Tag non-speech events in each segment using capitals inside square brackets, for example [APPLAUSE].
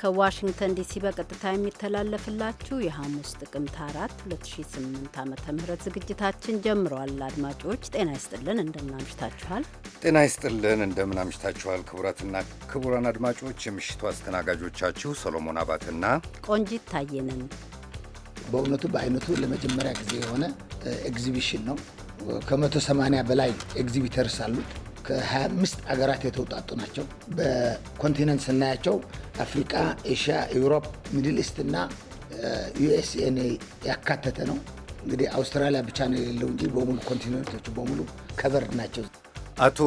ከዋሽንግተን ዲሲ በቀጥታ የሚተላለፍላችሁ የሐሙስ ጥቅምት 4 2008 ዓ ም ዝግጅታችን ጀምረዋል። አድማጮች ጤና ይስጥልን፣ እንደምናምሽታችኋል። ጤና ይስጥልን፣ እንደምናምሽታችኋል። ክቡራትና ክቡራን አድማጮች የምሽቱ አስተናጋጆቻችሁ ሰሎሞን አባትና ቆንጂት ታየንን። በእውነቱ በአይነቱ ለመጀመሪያ ጊዜ የሆነ ኤግዚቢሽን ነው። ከመቶ ከ180 በላይ ኤግዚቢተርስ አሉት። ከ25 አገራት የተውጣጡ ናቸው። በኮንቲነንት ስናያቸው አፍሪቃ፣ ኤሽያ፣ ዩሮፕ፣ ሚድል ኢስት እና ዩኤስኤን ያካተተ ነው። እንግዲህ አውስትራሊያ ብቻ ነው የሌለው እንጂ በሙሉ ኮንቲኔንቶቹ በሙሉ ከበርድ ናቸው። አቶ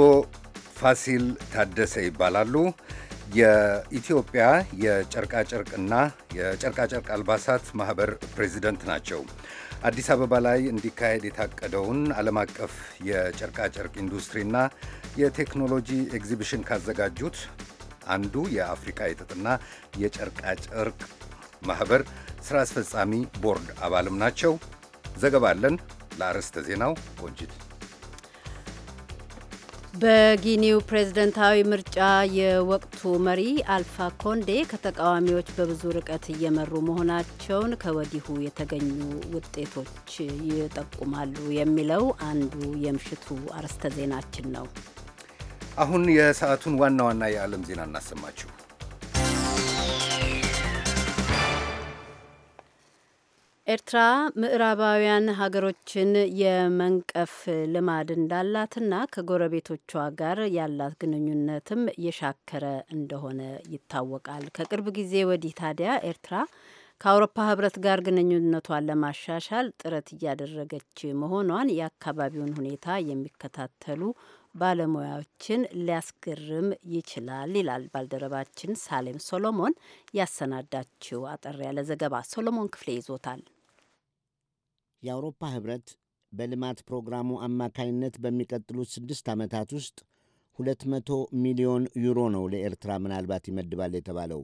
ፋሲል ታደሰ ይባላሉ። የኢትዮጵያ የጨርቃጨርቅና የጨርቃጨርቅ አልባሳት ማህበር ፕሬዚደንት ናቸው። አዲስ አበባ ላይ እንዲካሄድ የታቀደውን ዓለም አቀፍ የጨርቃጨርቅ ኢንዱስትሪና የቴክኖሎጂ ኤግዚቢሽን ካዘጋጁት አንዱ የአፍሪካ የጥጥና የጨርቃጨርቅ ማኅበር ሥራ አስፈጻሚ ቦርድ አባልም ናቸው። ዘገባ አለን። ለአርዕስተ ዜናው ቆንጂት በጊኒው ፕሬዝደንታዊ ምርጫ የወቅቱ መሪ አልፋ ኮንዴ ከተቃዋሚዎች በብዙ ርቀት እየመሩ መሆናቸውን ከወዲሁ የተገኙ ውጤቶች ይጠቁማሉ የሚለው አንዱ የምሽቱ አርዕስተ ዜናችን ነው። አሁን የሰዓቱን ዋና ዋና የዓለም ዜና እናሰማችሁ። ኤርትራ ምዕራባውያን ሀገሮችን የመንቀፍ ልማድ እንዳላትና ከጎረቤቶቿ ጋር ያላት ግንኙነትም የሻከረ እንደሆነ ይታወቃል። ከቅርብ ጊዜ ወዲህ ታዲያ ኤርትራ ከአውሮፓ ህብረት ጋር ግንኙነቷን ለማሻሻል ጥረት እያደረገች መሆኗን የአካባቢውን ሁኔታ የሚከታተሉ ባለሙያዎችን ሊያስገርም ይችላል ይላል ባልደረባችን ሳሌም ሶሎሞን ያሰናዳችው አጠር ያለ ዘገባ። ሶሎሞን ክፍሌ ይዞታል። የአውሮፓ ህብረት በልማት ፕሮግራሙ አማካይነት በሚቀጥሉት ስድስት ዓመታት ውስጥ 200 ሚሊዮን ዩሮ ነው ለኤርትራ ምናልባት ይመድባል የተባለው።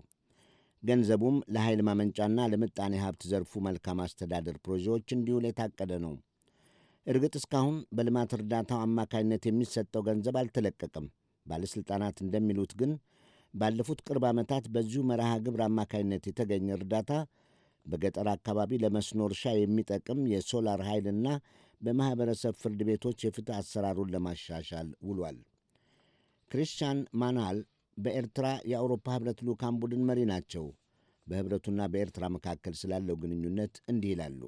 ገንዘቡም ለኃይል ማመንጫና ለምጣኔ ሀብት ዘርፉ መልካም አስተዳደር ፕሮጀዎች እንዲውል የታቀደ ነው። እርግጥ እስካሁን በልማት እርዳታው አማካይነት የሚሰጠው ገንዘብ አልተለቀቅም ባለሥልጣናት እንደሚሉት ግን ባለፉት ቅርብ ዓመታት በዚሁ መርሃ ግብር አማካይነት የተገኘ እርዳታ በገጠር አካባቢ ለመስኖ እርሻ የሚጠቅም የሶላር ኃይልና በማኅበረሰብ ፍርድ ቤቶች የፍትሕ አሰራሩን ለማሻሻል ውሏል። ክሪስቲያን ማናል በኤርትራ የአውሮፓ ኅብረት ልዑካን ቡድን መሪ ናቸው። በኅብረቱና በኤርትራ መካከል ስላለው ግንኙነት እንዲህ ይላሉ።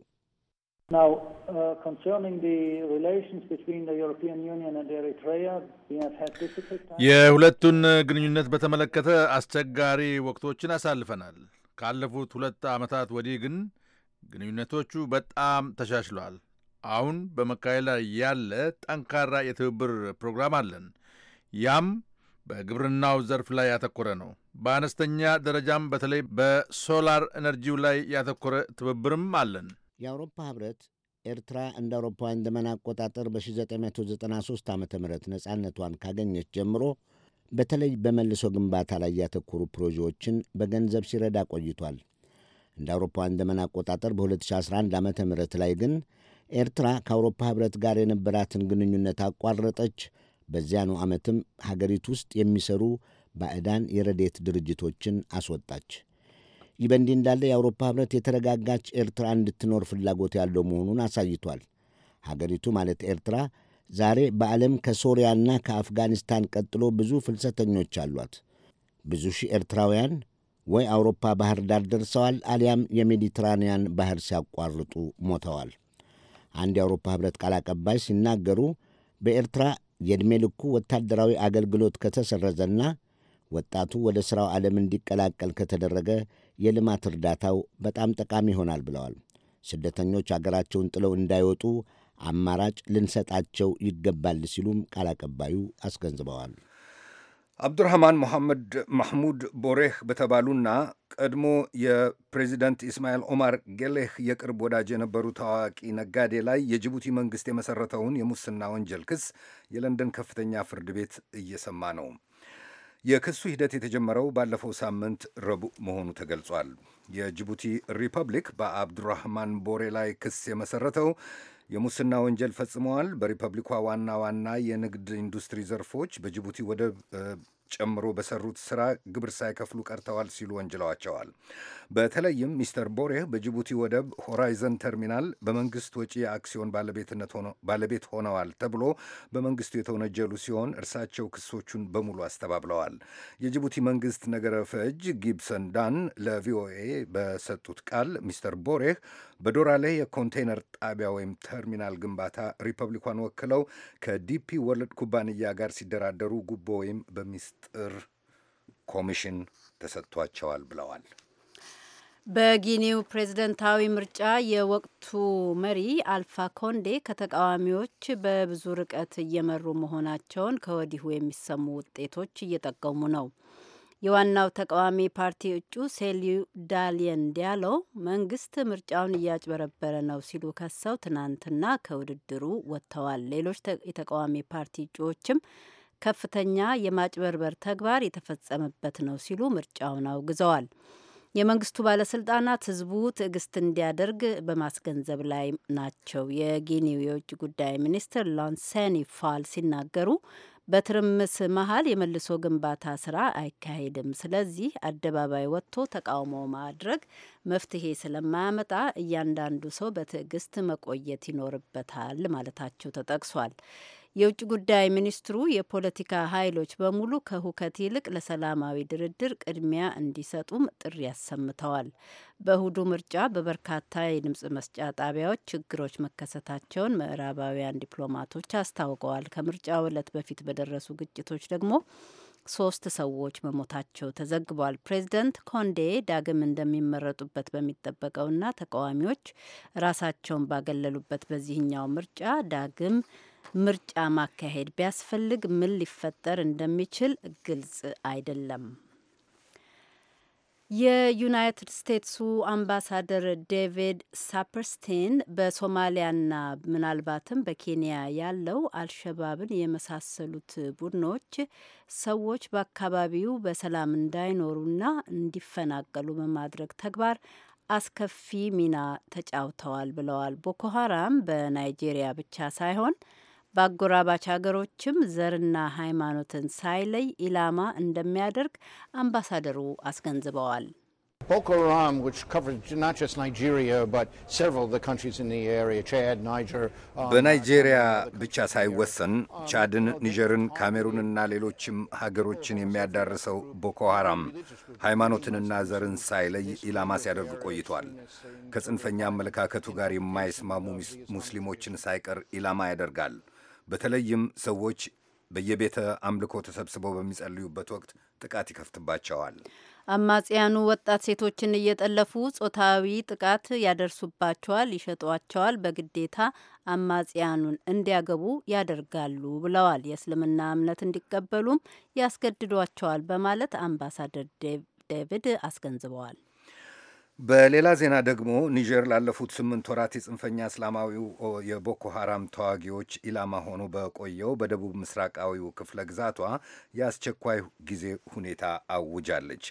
የሁለቱን ግንኙነት በተመለከተ አስቸጋሪ ወቅቶችን አሳልፈናል። ካለፉት ሁለት ዓመታት ወዲህ ግን ግንኙነቶቹ በጣም ተሻሽሏል። አሁን በመካሄድ ላይ ያለ ጠንካራ የትብብር ፕሮግራም አለን። ያም በግብርናው ዘርፍ ላይ ያተኮረ ነው። በአነስተኛ ደረጃም በተለይ በሶላር ኤነርጂው ላይ ያተኮረ ትብብርም አለን። የአውሮፓ ህብረት ኤርትራ እንደ አውሮፓውያን ዘመን አቆጣጠር በ1993 ዓ ም ነጻነቷን ካገኘች ጀምሮ በተለይ በመልሶ ግንባታ ላይ ያተኮሩ ፕሮጀዎችን በገንዘብ ሲረዳ ቆይቷል። እንደ አውሮፓውያን ዘመን አቆጣጠር በ2011 ዓ ም ላይ ግን ኤርትራ ከአውሮፓ ህብረት ጋር የነበራትን ግንኙነት አቋረጠች። በዚያኑ ዓመትም ሀገሪቱ ውስጥ የሚሰሩ ባዕዳን የረዴት ድርጅቶችን አስወጣች። ይህ በእንዲህ እንዳለ የአውሮፓ ህብረት የተረጋጋች ኤርትራ እንድትኖር ፍላጎት ያለው መሆኑን አሳይቷል። ሀገሪቱ ማለት ኤርትራ ዛሬ በዓለም ከሶሪያና ከአፍጋኒስታን ቀጥሎ ብዙ ፍልሰተኞች አሏት። ብዙ ሺህ ኤርትራውያን ወይ አውሮፓ ባህር ዳር ደርሰዋል አሊያም የሜዲትራንያን ባህር ሲያቋርጡ ሞተዋል። አንድ የአውሮፓ ህብረት ቃል አቀባይ ሲናገሩ በኤርትራ የዕድሜ ልኩ ወታደራዊ አገልግሎት ከተሰረዘና ወጣቱ ወደ ሥራው ዓለም እንዲቀላቀል ከተደረገ የልማት እርዳታው በጣም ጠቃሚ ይሆናል ብለዋል። ስደተኞች አገራቸውን ጥለው እንዳይወጡ አማራጭ ልንሰጣቸው ይገባል ሲሉም ቃል አቀባዩ አስገንዝበዋል። አብዱራህማን ሞሐመድ ማሕሙድ ቦሬህ በተባሉና ቀድሞ የፕሬዚደንት ኢስማኤል ኦማር ጌሌህ የቅርብ ወዳጅ የነበሩ ታዋቂ ነጋዴ ላይ የጅቡቲ መንግሥት የመሠረተውን የሙስና ወንጀል ክስ የለንደን ከፍተኛ ፍርድ ቤት እየሰማ ነው። የክሱ ሂደት የተጀመረው ባለፈው ሳምንት ረቡዕ መሆኑ ተገልጿል። የጅቡቲ ሪፐብሊክ በአብዱራህማን ቦሬ ላይ ክስ የመሰረተው የሙስና ወንጀል ፈጽመዋል፣ በሪፐብሊኳ ዋና ዋና የንግድ ኢንዱስትሪ ዘርፎች በጅቡቲ ወደብ ጨምሮ በሰሩት ስራ ግብር ሳይከፍሉ ቀርተዋል ሲሉ ወንጅለዋቸዋል። በተለይም ሚስተር ቦሬህ በጅቡቲ ወደብ ሆራይዘን ተርሚናል በመንግስት ወጪ የአክሲዮን ባለቤት ሆነዋል ተብሎ በመንግስቱ የተወነጀሉ ሲሆን እርሳቸው ክሶቹን በሙሉ አስተባብለዋል። የጅቡቲ መንግስት ነገረ ፈጅ ጊብሰን ዳን ለቪኦኤ በሰጡት ቃል ሚስተር ቦሬህ በዶራ ላይ የኮንቴይነር ጣቢያ ወይም ተርሚናል ግንባታ ሪፐብሊኳን ወክለው ከዲፒ ወርልድ ኩባንያ ጋር ሲደራደሩ ጉቦ ወይም በሚስ ሚስጥር ኮሚሽን ተሰጥቷቸዋል ብለዋል። በጊኒው ፕሬዝደንታዊ ምርጫ የወቅቱ መሪ አልፋ ኮንዴ ከተቃዋሚዎች በብዙ ርቀት እየመሩ መሆናቸውን ከወዲሁ የሚሰሙ ውጤቶች እየጠቀሙ ነው። የዋናው ተቃዋሚ ፓርቲ እጩ ሴሊዩ ዳሊየን ዲያሎ መንግስት ምርጫውን እያጭበረበረ ነው ሲሉ ከሰው ትናንትና ከውድድሩ ወጥተዋል። ሌሎች የተቃዋሚ ፓርቲ እጩዎችም ከፍተኛ የማጭበርበር ተግባር የተፈጸመበት ነው ሲሉ ምርጫውን አውግዘዋል። የመንግስቱ ባለስልጣናት ህዝቡ ትዕግስት እንዲያደርግ በማስገንዘብ ላይ ናቸው። የጊኒው የውጭ ጉዳይ ሚኒስትር ሎንሴኒ ፋል ሲናገሩ በትርምስ መሀል የመልሶ ግንባታ ስራ አይካሄድም። ስለዚህ አደባባይ ወጥቶ ተቃውሞ ማድረግ መፍትሄ ስለማያመጣ እያንዳንዱ ሰው በትዕግስት መቆየት ይኖርበታል ማለታቸው ተጠቅሷል። የውጭ ጉዳይ ሚኒስትሩ የፖለቲካ ኃይሎች በሙሉ ከሁከት ይልቅ ለሰላማዊ ድርድር ቅድሚያ እንዲሰጡም ጥሪ አሰምተዋል። በእሁዱ ምርጫ በበርካታ የድምፅ መስጫ ጣቢያዎች ችግሮች መከሰታቸውን ምዕራባውያን ዲፕሎማቶች አስታውቀዋል። ከምርጫው ዕለት በፊት በደረሱ ግጭቶች ደግሞ ሶስት ሰዎች መሞታቸው ተዘግቧል። ፕሬዚደንት ኮንዴ ዳግም እንደሚመረጡበት በሚጠበቀውና ተቃዋሚዎች ራሳቸውን ባገለሉበት በዚህኛው ምርጫ ዳግም ምርጫ ማካሄድ ቢያስፈልግ ምን ሊፈጠር እንደሚችል ግልጽ አይደለም። የዩናይትድ ስቴትሱ አምባሳደር ዴቪድ ሳፐርስቴን በሶማሊያና ምናልባትም በኬንያ ያለው አልሸባብን የመሳሰሉት ቡድኖች ሰዎች በአካባቢው በሰላም እንዳይኖሩና እንዲፈናቀሉ በማድረግ ተግባር አስከፊ ሚና ተጫውተዋል ብለዋል። ቦኮ ሀራም በናይጄሪያ ብቻ ሳይሆን በአጎራባች ሀገሮችም ዘርና ሃይማኖትን ሳይለይ ኢላማ እንደሚያደርግ አምባሳደሩ አስገንዝበዋል። ቦኮ ሃራም uh, በናይጄሪያ uh, ብቻ ሳይወሰን ቻድን፣ ኒጀርን፣ ካሜሩንና ሌሎችም ሀገሮችን የሚያዳርሰው ቦኮ ሃራም ሃይማኖትንና ዘርን ሳይለይ ኢላማ ሲያደርግ ቆይቷል። ከጽንፈኛ አመለካከቱ ጋር የማይስማሙ ሙስሊሞችን ሳይቀር ኢላማ ያደርጋል። በተለይም ሰዎች በየቤተ አምልኮ ተሰብስበው በሚጸልዩበት ወቅት ጥቃት ይከፍትባቸዋል። አማጽያኑ ወጣት ሴቶችን እየጠለፉ ጾታዊ ጥቃት ያደርሱባቸዋል፣ ይሸጧቸዋል፣ በግዴታ አማጽያኑን እንዲያገቡ ያደርጋሉ ብለዋል። የእስልምና እምነት እንዲቀበሉም ያስገድዷቸዋል በማለት አምባሳደር ዴቪድ አስገንዝበዋል። በሌላ ዜና ደግሞ ኒጀር ላለፉት ስምንት ወራት የጽንፈኛ እስላማዊው የቦኮ ሐራም ተዋጊዎች ኢላማ ሆኖ በቆየው በደቡብ ምስራቃዊው ክፍለ ግዛቷ የአስቸኳይ ጊዜ ሁኔታ አውጃለች።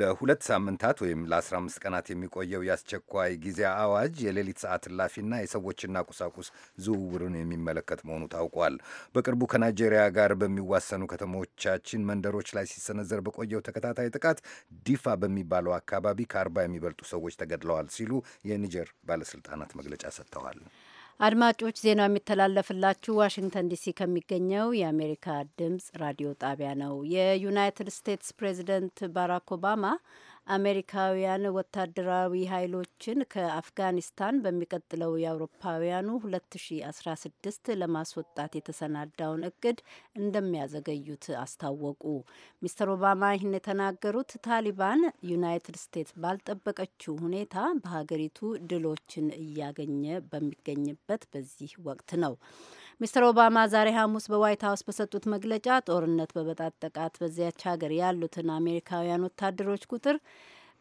ለሁለት ሳምንታት ወይም ለ15 ቀናት የሚቆየው የአስቸኳይ ጊዜ አዋጅ የሌሊት ሰዓት እላፊና የሰዎችና ቁሳቁስ ዝውውርን የሚመለከት መሆኑ ታውቋል። በቅርቡ ከናይጄሪያ ጋር በሚዋሰኑ ከተሞቻችን መንደሮች ላይ ሲሰነዘር በቆየው ተከታታይ ጥቃት ዲፋ በሚባለው አካባቢ ከአርባ የሚበልጡ ሰዎች ተገድለዋል ሲሉ የኒጀር ባለስልጣናት መግለጫ ሰጥተዋል። አድማጮች ዜናው የሚተላለፍላችሁ ዋሽንግተን ዲሲ ከሚገኘው የአሜሪካ ድምጽ ራዲዮ ጣቢያ ነው። የዩናይትድ ስቴትስ ፕሬዚደንት ባራክ ኦባማ አሜሪካውያን ወታደራዊ ኃይሎችን ከአፍጋኒስታን በሚቀጥለው የአውሮፓውያኑ 2016 ለማስወጣት የተሰናዳውን እቅድ እንደሚያዘገዩት አስታወቁ። ሚስተር ኦባማ ይህን የተናገሩት ታሊባን ዩናይትድ ስቴትስ ባልጠበቀችው ሁኔታ በሀገሪቱ ድሎችን እያገኘ በሚገኝበት በዚህ ወቅት ነው። ሚስተር ኦባማ ዛሬ ሐሙስ በዋይት ሀውስ በሰጡት መግለጫ ጦርነት በበጣጠቃት በዚያች ሀገር ያሉትን አሜሪካውያን ወታደሮች ቁጥር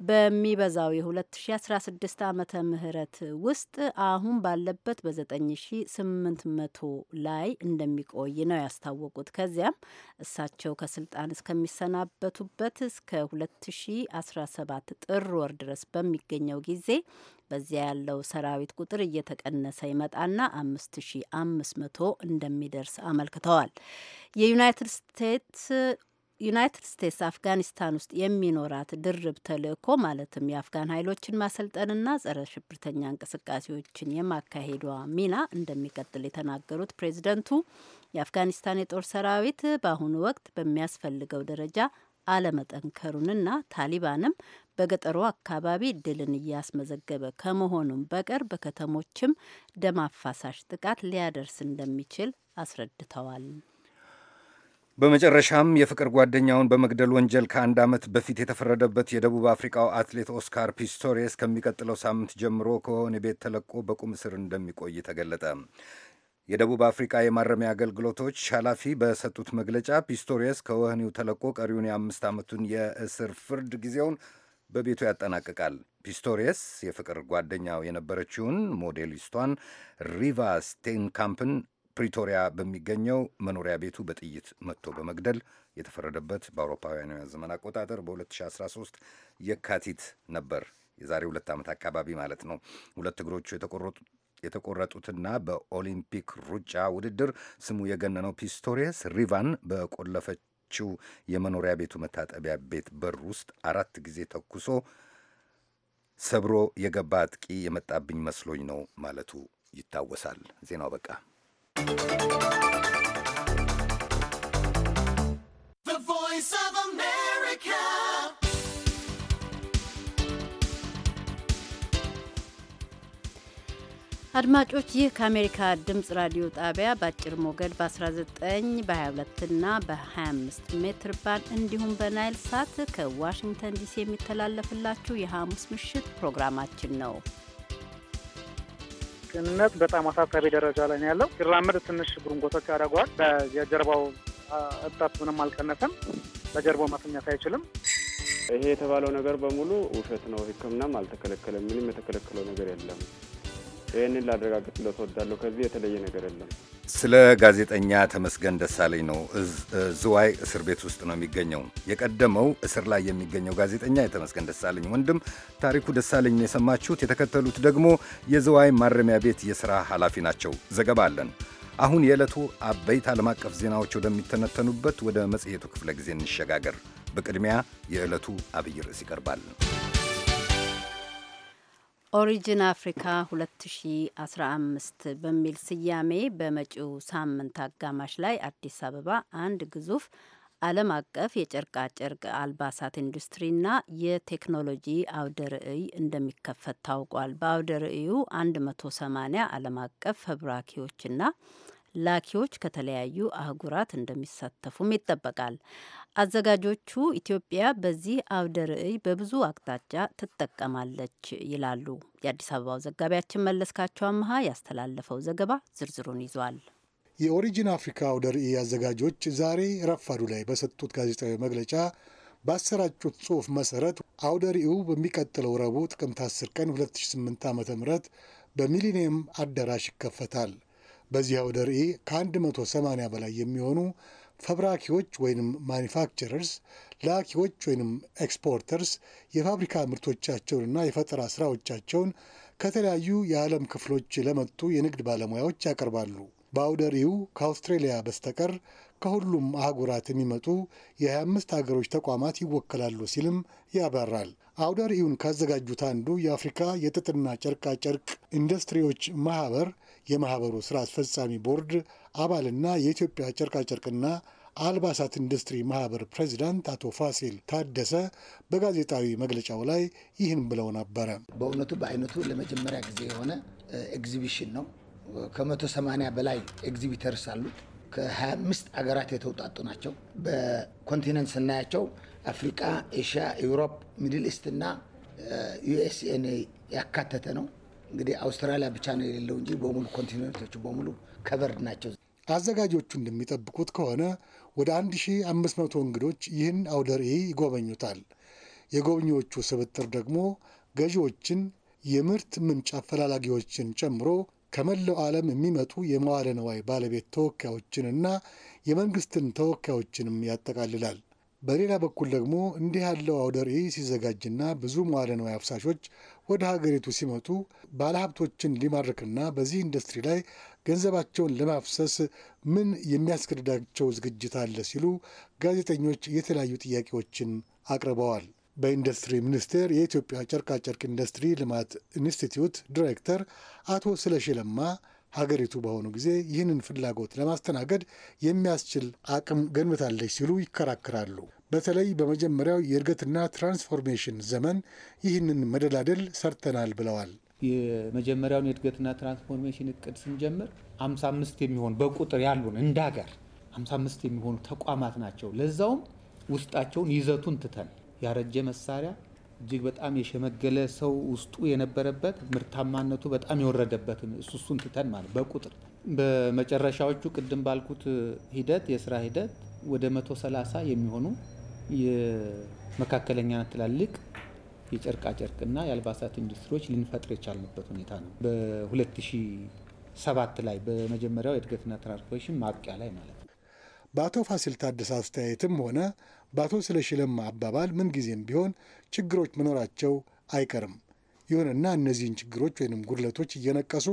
በሚበዛው የ2016 ዓመተ ምህረት ውስጥ አሁን ባለበት በ9800 ላይ እንደሚቆይ ነው ያስታወቁት። ከዚያም እሳቸው ከስልጣን እስከሚሰናበቱበት እስከ 2017 ጥር ወር ድረስ በሚገኘው ጊዜ በዚያ ያለው ሰራዊት ቁጥር እየተቀነሰ ይመጣና 5500 እንደሚደርስ አመልክተዋል። የዩናይትድ ስቴትስ ዩናይትድ ስቴትስ አፍጋኒስታን ውስጥ የሚኖራት ድርብ ተልዕኮ ማለትም የአፍጋን ኃይሎችን ማሰልጠንና ጸረ ሽብርተኛ እንቅስቃሴዎችን የማካሄዷ ሚና እንደሚቀጥል የተናገሩት ፕሬዚደንቱ የአፍጋኒስታን የጦር ሰራዊት በአሁኑ ወቅት በሚያስፈልገው ደረጃ አለመጠንከሩንና ታሊባንም በገጠሩ አካባቢ ድልን እያስመዘገበ ከመሆኑም በቀር በከተሞችም ደም አፋሳሽ ጥቃት ሊያደርስ እንደሚችል አስረድተዋል። በመጨረሻም የፍቅር ጓደኛውን በመግደል ወንጀል ከአንድ ዓመት በፊት የተፈረደበት የደቡብ አፍሪካው አትሌት ኦስካር ፒስቶሬስ ከሚቀጥለው ሳምንት ጀምሮ ከሆነ ቤት ተለቆ በቁም እስር እንደሚቆይ ተገለጠ። የደቡብ አፍሪካ የማረሚያ አገልግሎቶች ኃላፊ በሰጡት መግለጫ ፒስቶሪየስ ከወህኒው ተለቆ ቀሪውን የአምስት ዓመቱን የእስር ፍርድ ጊዜውን በቤቱ ያጠናቅቃል። ፒስቶሪየስ የፍቅር ጓደኛው የነበረችውን ሞዴሊስቷን ሪቫ ስቴንካምፕን ፕሪቶሪያ በሚገኘው መኖሪያ ቤቱ በጥይት መጥቶ በመግደል የተፈረደበት በአውሮፓውያኑ ዘመን አቆጣጠር በ2013 የካቲት ነበር። የዛሬ ሁለት ዓመት አካባቢ ማለት ነው። ሁለት እግሮቹ የተቆረጡትና በኦሊምፒክ ሩጫ ውድድር ስሙ የገነነው ፒስቶሪየስ ሪቫን በቆለፈችው የመኖሪያ ቤቱ መታጠቢያ ቤት በር ውስጥ አራት ጊዜ ተኩሶ ሰብሮ የገባ አጥቂ የመጣብኝ መስሎኝ ነው ማለቱ ይታወሳል። ዜናው በቃ። አድማጮች ይህ ከአሜሪካ ድምጽ ራዲዮ ጣቢያ በአጭር ሞገድ በ19 በ22 እና በ25 ሜትር ባንድ እንዲሁም በናይል ሳት ከዋሽንግተን ዲሲ የሚተላለፍላችሁ የሐሙስ ምሽት ፕሮግራማችን ነው። ጤንነት በጣም አሳሳቢ ደረጃ ላይ ነው ያለው። ሲራመድ ትንሽ ጉርንጎቶች ጎቶች ያደርገዋል። የጀርባው እብጠት ምንም አልቀነሰም። በጀርባው መተኛት አይችልም። ይሄ የተባለው ነገር በሙሉ ውሸት ነው። ሕክምናም አልተከለከለም። ምንም የተከለከለው ነገር የለም። ይህንን ላረጋግጥልዎት ለተወዳለሁ። ከዚህ የተለየ ነገር የለም። ስለ ጋዜጠኛ ተመስገን ደሳለኝ ነው። ዝዋይ እስር ቤት ውስጥ ነው የሚገኘው። የቀደመው እስር ላይ የሚገኘው ጋዜጠኛ የተመስገን ደሳለኝ ወንድም ታሪኩ ደሳለኝ የሰማችሁት። የተከተሉት ደግሞ የዝዋይ ማረሚያ ቤት የሥራ ኃላፊ ናቸው። ዘገባ አለን። አሁን የዕለቱ አበይት ዓለም አቀፍ ዜናዎች ወደሚተነተኑበት ወደ መጽሔቱ ክፍለ ጊዜ እንሸጋገር። በቅድሚያ የዕለቱ አብይ ርዕስ ይቀርባል። ኦሪጅን አፍሪካ 2015 በሚል ስያሜ በመጪው ሳምንት አጋማሽ ላይ አዲስ አበባ አንድ ግዙፍ ዓለም አቀፍ የጨርቃ ጨርቅ አልባሳት ኢንዱስትሪና የቴክኖሎጂ አውደ ርዕይ እንደሚከፈት ታውቋል። በአውደ ርዕዩ 180 ዓለም አቀፍ ፈብራኪዎችና ላኪዎች ከተለያዩ አህጉራት እንደሚሳተፉም ይጠበቃል። አዘጋጆቹ ኢትዮጵያ በዚህ አውደ ርዕይ በብዙ አቅጣጫ ትጠቀማለች ይላሉ። የአዲስ አበባው ዘጋቢያችን መለስካቸው አመሀ ያስተላለፈው ዘገባ ዝርዝሩን ይዟል። የኦሪጂን አፍሪካ አውደ ርዕይ አዘጋጆች ዛሬ ረፋዱ ላይ በሰጡት ጋዜጣዊ መግለጫ ባሰራጩት ጽሑፍ መሰረት አውደ ርዕዩ በሚቀጥለው ረቡዕ ጥቅምት 10 ቀን 2008 ዓ ም በሚሊኒየም አዳራሽ ይከፈታል። በዚህ አውደ ርዕይ ከ180 በላይ የሚሆኑ ፈብራኪዎች ወይም ማኒፋክቸረርስ፣ ላኪዎች ወይም ኤክስፖርተርስ የፋብሪካ ምርቶቻቸውንና የፈጠራ ስራዎቻቸውን ከተለያዩ የዓለም ክፍሎች ለመጡ የንግድ ባለሙያዎች ያቀርባሉ። በአውደ ርዕዩ ከአውስትሬሊያ በስተቀር ከሁሉም አህጉራት የሚመጡ የ25 ሀገሮች ተቋማት ይወከላሉ ሲልም ያብራራል። አውደ ርዕዩን ካዘጋጁት አንዱ የአፍሪካ የጥጥና ጨርቃ ጨርቅ ኢንዱስትሪዎች ማህበር የማህበሩ ስራ አስፈጻሚ ቦርድ አባልና የኢትዮጵያ ጨርቃጨርቅና አልባሳት ኢንዱስትሪ ማህበር ፕሬዚዳንት አቶ ፋሲል ታደሰ በጋዜጣዊ መግለጫው ላይ ይህን ብለው ነበረ። በእውነቱ በአይነቱ ለመጀመሪያ ጊዜ የሆነ ኤግዚቢሽን ነው። ከ180 በላይ ኤግዚቢተርስ አሉት። ከ25 አገራት የተውጣጡ ናቸው። በኮንቲነንት ስናያቸው አፍሪካ፣ ኤሽያ፣ ዩሮፕ፣ ሚድል ኢስት እና ዩኤስኤን ያካተተ ነው። እንግዲህ አውስትራሊያ ብቻ ነው የሌለው እንጂ በሙሉ ኮንቲኔንቶቹ በሙሉ ከበርድ ናቸው። አዘጋጆቹ እንደሚጠብቁት ከሆነ ወደ 1500 እንግዶች ይህን አውደ ርዕይ ይጎበኙታል። የጎብኚዎቹ ስብጥር ደግሞ ገዢዎችን፣ የምርት ምንጭ አፈላላጊዎችን ጨምሮ ከመላው ዓለም የሚመጡ የመዋለ ነዋይ ባለቤት ተወካዮችንና የመንግስትን ተወካዮችንም ያጠቃልላል። በሌላ በኩል ደግሞ እንዲህ ያለው አውደ ርዕይ ሲዘጋጅና ብዙ መዋለ ነዋይ አፍሳሾች ወደ ሀገሪቱ ሲመጡ ባለሀብቶችን ሊማርክና በዚህ ኢንዱስትሪ ላይ ገንዘባቸውን ለማፍሰስ ምን የሚያስገድዳቸው ዝግጅት አለ ሲሉ ጋዜጠኞች የተለያዩ ጥያቄዎችን አቅርበዋል። በኢንዱስትሪ ሚኒስቴር የኢትዮጵያ ጨርቃጨርቅ ኢንዱስትሪ ልማት ኢንስቲትዩት ዲሬክተር አቶ ስለሺ ለማ ሀገሪቱ በአሁኑ ጊዜ ይህንን ፍላጎት ለማስተናገድ የሚያስችል አቅም ገንብታለች ሲሉ ይከራከራሉ። በተለይ በመጀመሪያው የእድገትና ትራንስፎርሜሽን ዘመን ይህንን መደላደል ሰርተናል ብለዋል። የመጀመሪያውን የእድገትና ትራንስፎርሜሽን እቅድ ስንጀምር 55 የሚሆኑ በቁጥር ያሉን እንደ ሀገር 55 የሚሆኑ ተቋማት ናቸው። ለዛውም ውስጣቸውን ይዘቱን ትተን ያረጀ መሳሪያ እጅግ በጣም የሸመገለ ሰው ውስጡ የነበረበት ምርታማነቱ በጣም የወረደበት እሱ እሱን ትተን ማለት በቁጥር በመጨረሻዎቹ ቅድም ባልኩት ሂደት የስራ ሂደት ወደ 130 የሚሆኑ የመካከለኛና ትላልቅ የጨርቃጨርቅና የአልባሳት ኢንዱስትሪዎች ልንፈጥር የቻልንበት ሁኔታ ነው። በ2007 ላይ በመጀመሪያው የእድገትና ትራንስፎርሜሽን ማብቂያ ላይ ማለት ነው። በአቶ ፋሲል ታደሰ አስተያየትም ሆነ በአቶ ስለሽለማ አባባል ምንጊዜም ቢሆን ችግሮች መኖራቸው አይቀርም። ይሁንና እነዚህን ችግሮች ወይንም ጉድለቶች እየነቀሱ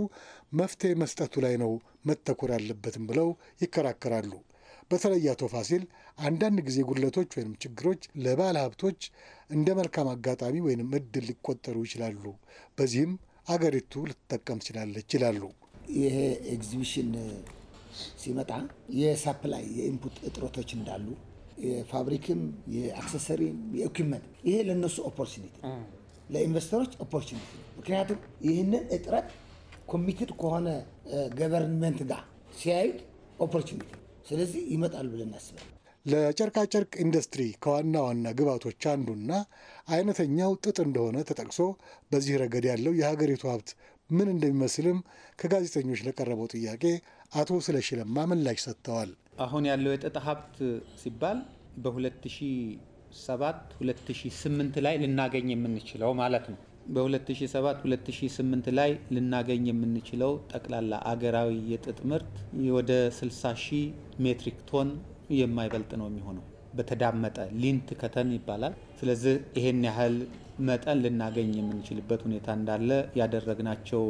መፍትሄ መስጠቱ ላይ ነው መተኮር ያለበትም ብለው ይከራከራሉ። በተለይ አቶ ፋሲል አንዳንድ ጊዜ ጉድለቶች ወይም ችግሮች ለባለ ሀብቶች እንደ መልካም አጋጣሚ ወይም እድል ሊቆጠሩ ይችላሉ። በዚህም አገሪቱ ልትጠቀም ትችላለች ይላሉ። ይሄ ኤግዚቢሽን ሲመጣ የሳፕላይ የኢንፑት እጥረቶች እንዳሉ የፋብሪክም የአክሰሰሪም የኢኩመንት ይሄ ለነሱ ኦፖርቹኒቲ፣ ለኢንቨስተሮች ኦፖርቹኒቲ። ምክንያቱም ይህንን እጥረት ኮሚትድ ከሆነ ገቨርንመንት ጋር ሲያዩት ኦፖርቹኒቲ፣ ስለዚህ ይመጣል ብለን እናስባለን። ለጨርቃጨርቅ ኢንዱስትሪ ከዋና ዋና ግብዓቶች አንዱና አይነተኛው ጥጥ እንደሆነ ተጠቅሶ በዚህ ረገድ ያለው የሀገሪቱ ሀብት ምን እንደሚመስልም ከጋዜጠኞች ለቀረበው ጥያቄ አቶ ስለሽለማ ምላሽ ሰጥተዋል። አሁን ያለው የጥጥ ሀብት ሲባል በ2007 2008 ላይ ልናገኝ የምንችለው ማለት ነው። በ2007 2008 ላይ ልናገኝ የምንችለው ጠቅላላ አገራዊ የጥጥ ምርት ወደ 60 ሺህ ሜትሪክ ቶን የማይበልጥ ነው የሚሆነው። በተዳመጠ ሊንት ከተን ይባላል። ስለዚህ ይሄን ያህል መጠን ልናገኝ የምንችልበት ሁኔታ እንዳለ ያደረግናቸው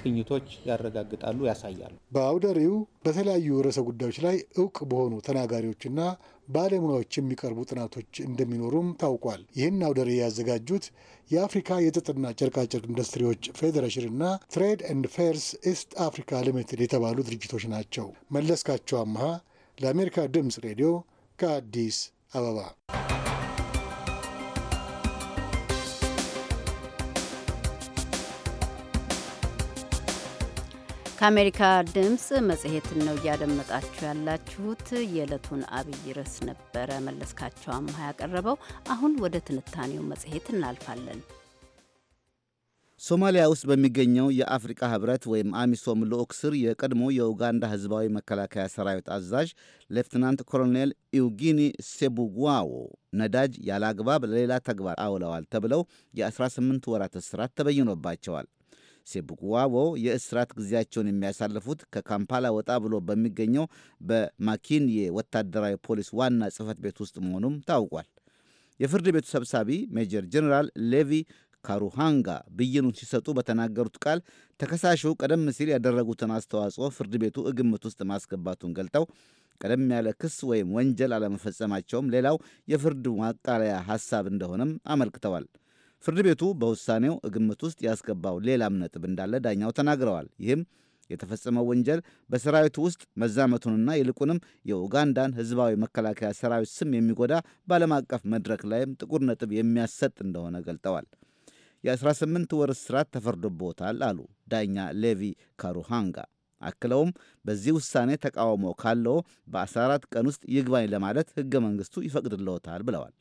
ቅኝቶች ያረጋግጣሉ፣ ያሳያሉ። በአውደ ርዕዩ በተለያዩ ርዕሰ ጉዳዮች ላይ እውቅ በሆኑ ተናጋሪዎችና ባለሙያዎች የሚቀርቡ ጥናቶች እንደሚኖሩም ታውቋል። ይህን አውደ ርዕይ ያዘጋጁት የአፍሪካ የጥጥና ጨርቃጨርቅ ኢንዱስትሪዎች እና ትሬድ ኤንድ ፌርስ ኢስት አፍሪካ ሊሚትድ የተባሉ ድርጅቶች ናቸው። መለስካቸው አመሃ ለአሜሪካ ድምፅ ሬዲዮ ከአዲስ አበባ ከአሜሪካ ድምፅ መጽሔትን ነው እያደመጣችሁ ያላችሁት። የዕለቱን አብይ ርዕስ ነበረ መለስካቸው አምሃ ያቀረበው። አሁን ወደ ትንታኔው መጽሔት እናልፋለን። ሶማሊያ ውስጥ በሚገኘው የአፍሪካ ህብረት ወይም አሚሶም ልዑክ ስር የቀድሞ የኡጋንዳ ህዝባዊ መከላከያ ሰራዊት አዛዥ ሌፍትናንት ኮሎኔል ኢውጊኒ ሴቡጓዎ ነዳጅ ያለ አግባብ ለሌላ ተግባር አውለዋል ተብለው የ18 ወራት እስራት ተበይኖባቸዋል። ሴቡክዋቦ የእስራት ጊዜያቸውን የሚያሳልፉት ከካምፓላ ወጣ ብሎ በሚገኘው በማኪንዬ ወታደራዊ ፖሊስ ዋና ጽህፈት ቤት ውስጥ መሆኑም ታውቋል። የፍርድ ቤቱ ሰብሳቢ ሜጀር ጀኔራል ሌቪ ካሩሃንጋ ብይኑን ሲሰጡ በተናገሩት ቃል ተከሳሹ ቀደም ሲል ያደረጉትን አስተዋጽኦ ፍርድ ቤቱ ግምት ውስጥ ማስገባቱን ገልጠው ቀደም ያለ ክስ ወይም ወንጀል አለመፈጸማቸውም ሌላው የፍርድ ማቃለያ ሐሳብ እንደሆነም አመልክተዋል። ፍርድ ቤቱ በውሳኔው ግምት ውስጥ ያስገባው ሌላም ነጥብ እንዳለ ዳኛው ተናግረዋል። ይህም የተፈጸመው ወንጀል በሰራዊቱ ውስጥ መዛመቱንና ይልቁንም የኡጋንዳን ሕዝባዊ መከላከያ ሰራዊት ስም የሚጎዳ በዓለም አቀፍ መድረክ ላይም ጥቁር ነጥብ የሚያሰጥ እንደሆነ ገልጠዋል። የ18 ወር እስራት ተፈርዶበታል አሉ ዳኛ ሌቪ ካሩሃንጋ። አክለውም በዚህ ውሳኔ ተቃውሞ ካለው በ14 ቀን ውስጥ ይግባኝ ለማለት ሕገ መንግሥቱ ይፈቅድለታል ብለዋል።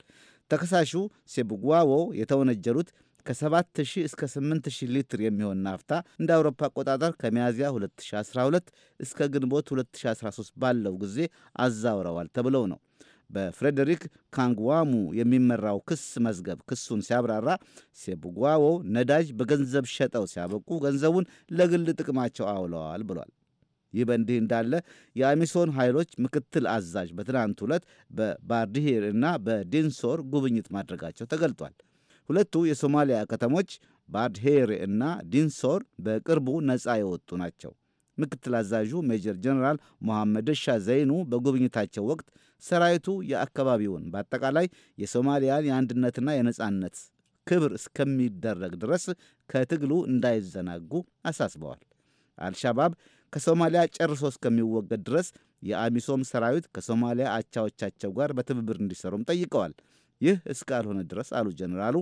ተከሳሹ ሴቡጓዎ የተወነጀሉት ከ7000 እስከ 8000 ሊትር የሚሆን ናፍታ እንደ አውሮፓ አቆጣጠር ከሚያዝያ 2012 እስከ ግንቦት 2013 ባለው ጊዜ አዛውረዋል ተብለው ነው። በፍሬዴሪክ ካንግዋሙ የሚመራው ክስ መዝገብ ክሱን ሲያብራራ ሴቡጓዎ ነዳጅ በገንዘብ ሸጠው ሲያበቁ ገንዘቡን ለግል ጥቅማቸው አውለዋል ብሏል። ይህ በእንዲህ እንዳለ የአሚሶን ኃይሎች ምክትል አዛዥ በትናንት ሁለት በባርድሄር እና በዲንሶር ጉብኝት ማድረጋቸው ተገልጧል። ሁለቱ የሶማሊያ ከተሞች ባርድሄር እና ዲንሶር በቅርቡ ነፃ የወጡ ናቸው። ምክትል አዛዡ ሜጀር ጀነራል ሞሐመድ ሻ ዘይኑ በጉብኝታቸው ወቅት ሰራዊቱ የአካባቢውን በአጠቃላይ የሶማሊያን የአንድነትና የነፃነት ክብር እስከሚደረግ ድረስ ከትግሉ እንዳይዘናጉ አሳስበዋል። አልሻባብ ከሶማሊያ ጨርሶ እስከሚወገድ ድረስ የአሚሶም ሰራዊት ከሶማሊያ አቻዎቻቸው ጋር በትብብር እንዲሰሩም ጠይቀዋል። ይህ እስካልሆነ ድረስ አሉ ጀኔራሉ፣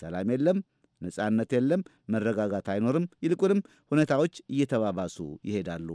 ሰላም የለም፣ ነጻነት የለም፣ መረጋጋት አይኖርም። ይልቁንም ሁኔታዎች እየተባባሱ ይሄዳሉ።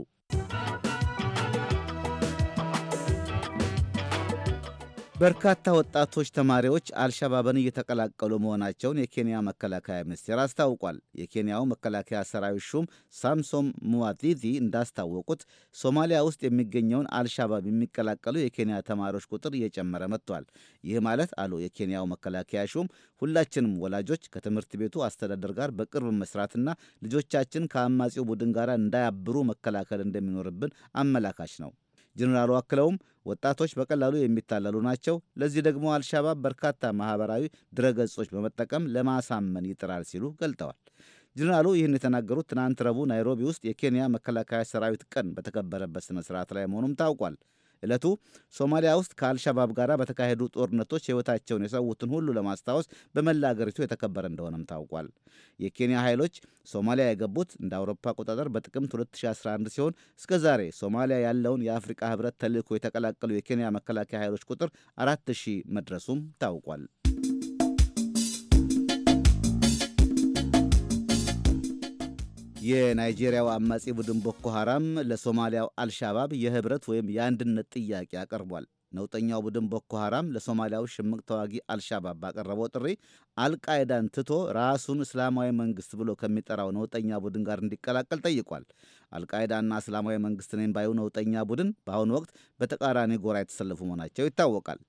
በርካታ ወጣቶች ተማሪዎች አልሻባብን እየተቀላቀሉ መሆናቸውን የኬንያ መከላከያ ሚኒስቴር አስታውቋል። የኬንያው መከላከያ ሰራዊት ሹም ሳምሶም ሙዋቲቲ እንዳስታወቁት ሶማሊያ ውስጥ የሚገኘውን አልሻባብ የሚቀላቀሉ የኬንያ ተማሪዎች ቁጥር እየጨመረ መጥቷል። ይህ ማለት አሉ የኬንያው መከላከያ ሹም፣ ሁላችንም ወላጆች ከትምህርት ቤቱ አስተዳደር ጋር በቅርብ መስራትና ልጆቻችን ከአማጺው ቡድን ጋር እንዳያብሩ መከላከል እንደሚኖርብን አመላካች ነው። ጀኔራሉ አክለውም ወጣቶች በቀላሉ የሚታለሉ ናቸው። ለዚህ ደግሞ አልሻባብ በርካታ ማህበራዊ ድረገጾች በመጠቀም ለማሳመን ይጥራል ሲሉ ገልጠዋል። ጀኔራሉ ይህን የተናገሩት ትናንት ረቡዕ ናይሮቢ ውስጥ የኬንያ መከላከያ ሰራዊት ቀን በተከበረበት ስነ ላይ መሆኑም ታውቋል። ዕለቱ ሶማሊያ ውስጥ ከአልሸባብ ጋር በተካሄዱ ጦርነቶች ሕይወታቸውን የሰዉትን ሁሉ ለማስታወስ በመላ አገሪቱ የተከበረ እንደሆነም ታውቋል። የኬንያ ኃይሎች ሶማሊያ የገቡት እንደ አውሮፓ አቆጣጠር በጥቅምት 2011 ሲሆን እስከ ዛሬ ሶማሊያ ያለውን የአፍሪቃ ህብረት ተልዕኮ የተቀላቀሉ የኬንያ መከላከያ ኃይሎች ቁጥር 4000 መድረሱም ታውቋል። የናይጄሪያው አማጺ ቡድን ቦኮ ሐራም ለሶማሊያው አልሻባብ የህብረት ወይም የአንድነት ጥያቄ አቅርቧል። ነውጠኛው ቡድን ቦኮ ሐራም ለሶማሊያው ሽምቅ ተዋጊ አልሻባብ ባቀረበው ጥሪ አልቃይዳን ትቶ ራሱን እስላማዊ መንግስት ብሎ ከሚጠራው ነውጠኛ ቡድን ጋር እንዲቀላቀል ጠይቋል። አልቃይዳና እስላማዊ መንግሥት ነኝ ባዩ ነውጠኛ ቡድን በአሁኑ ወቅት በተቃራኒ ጎራ የተሰለፉ መሆናቸው ይታወቃል።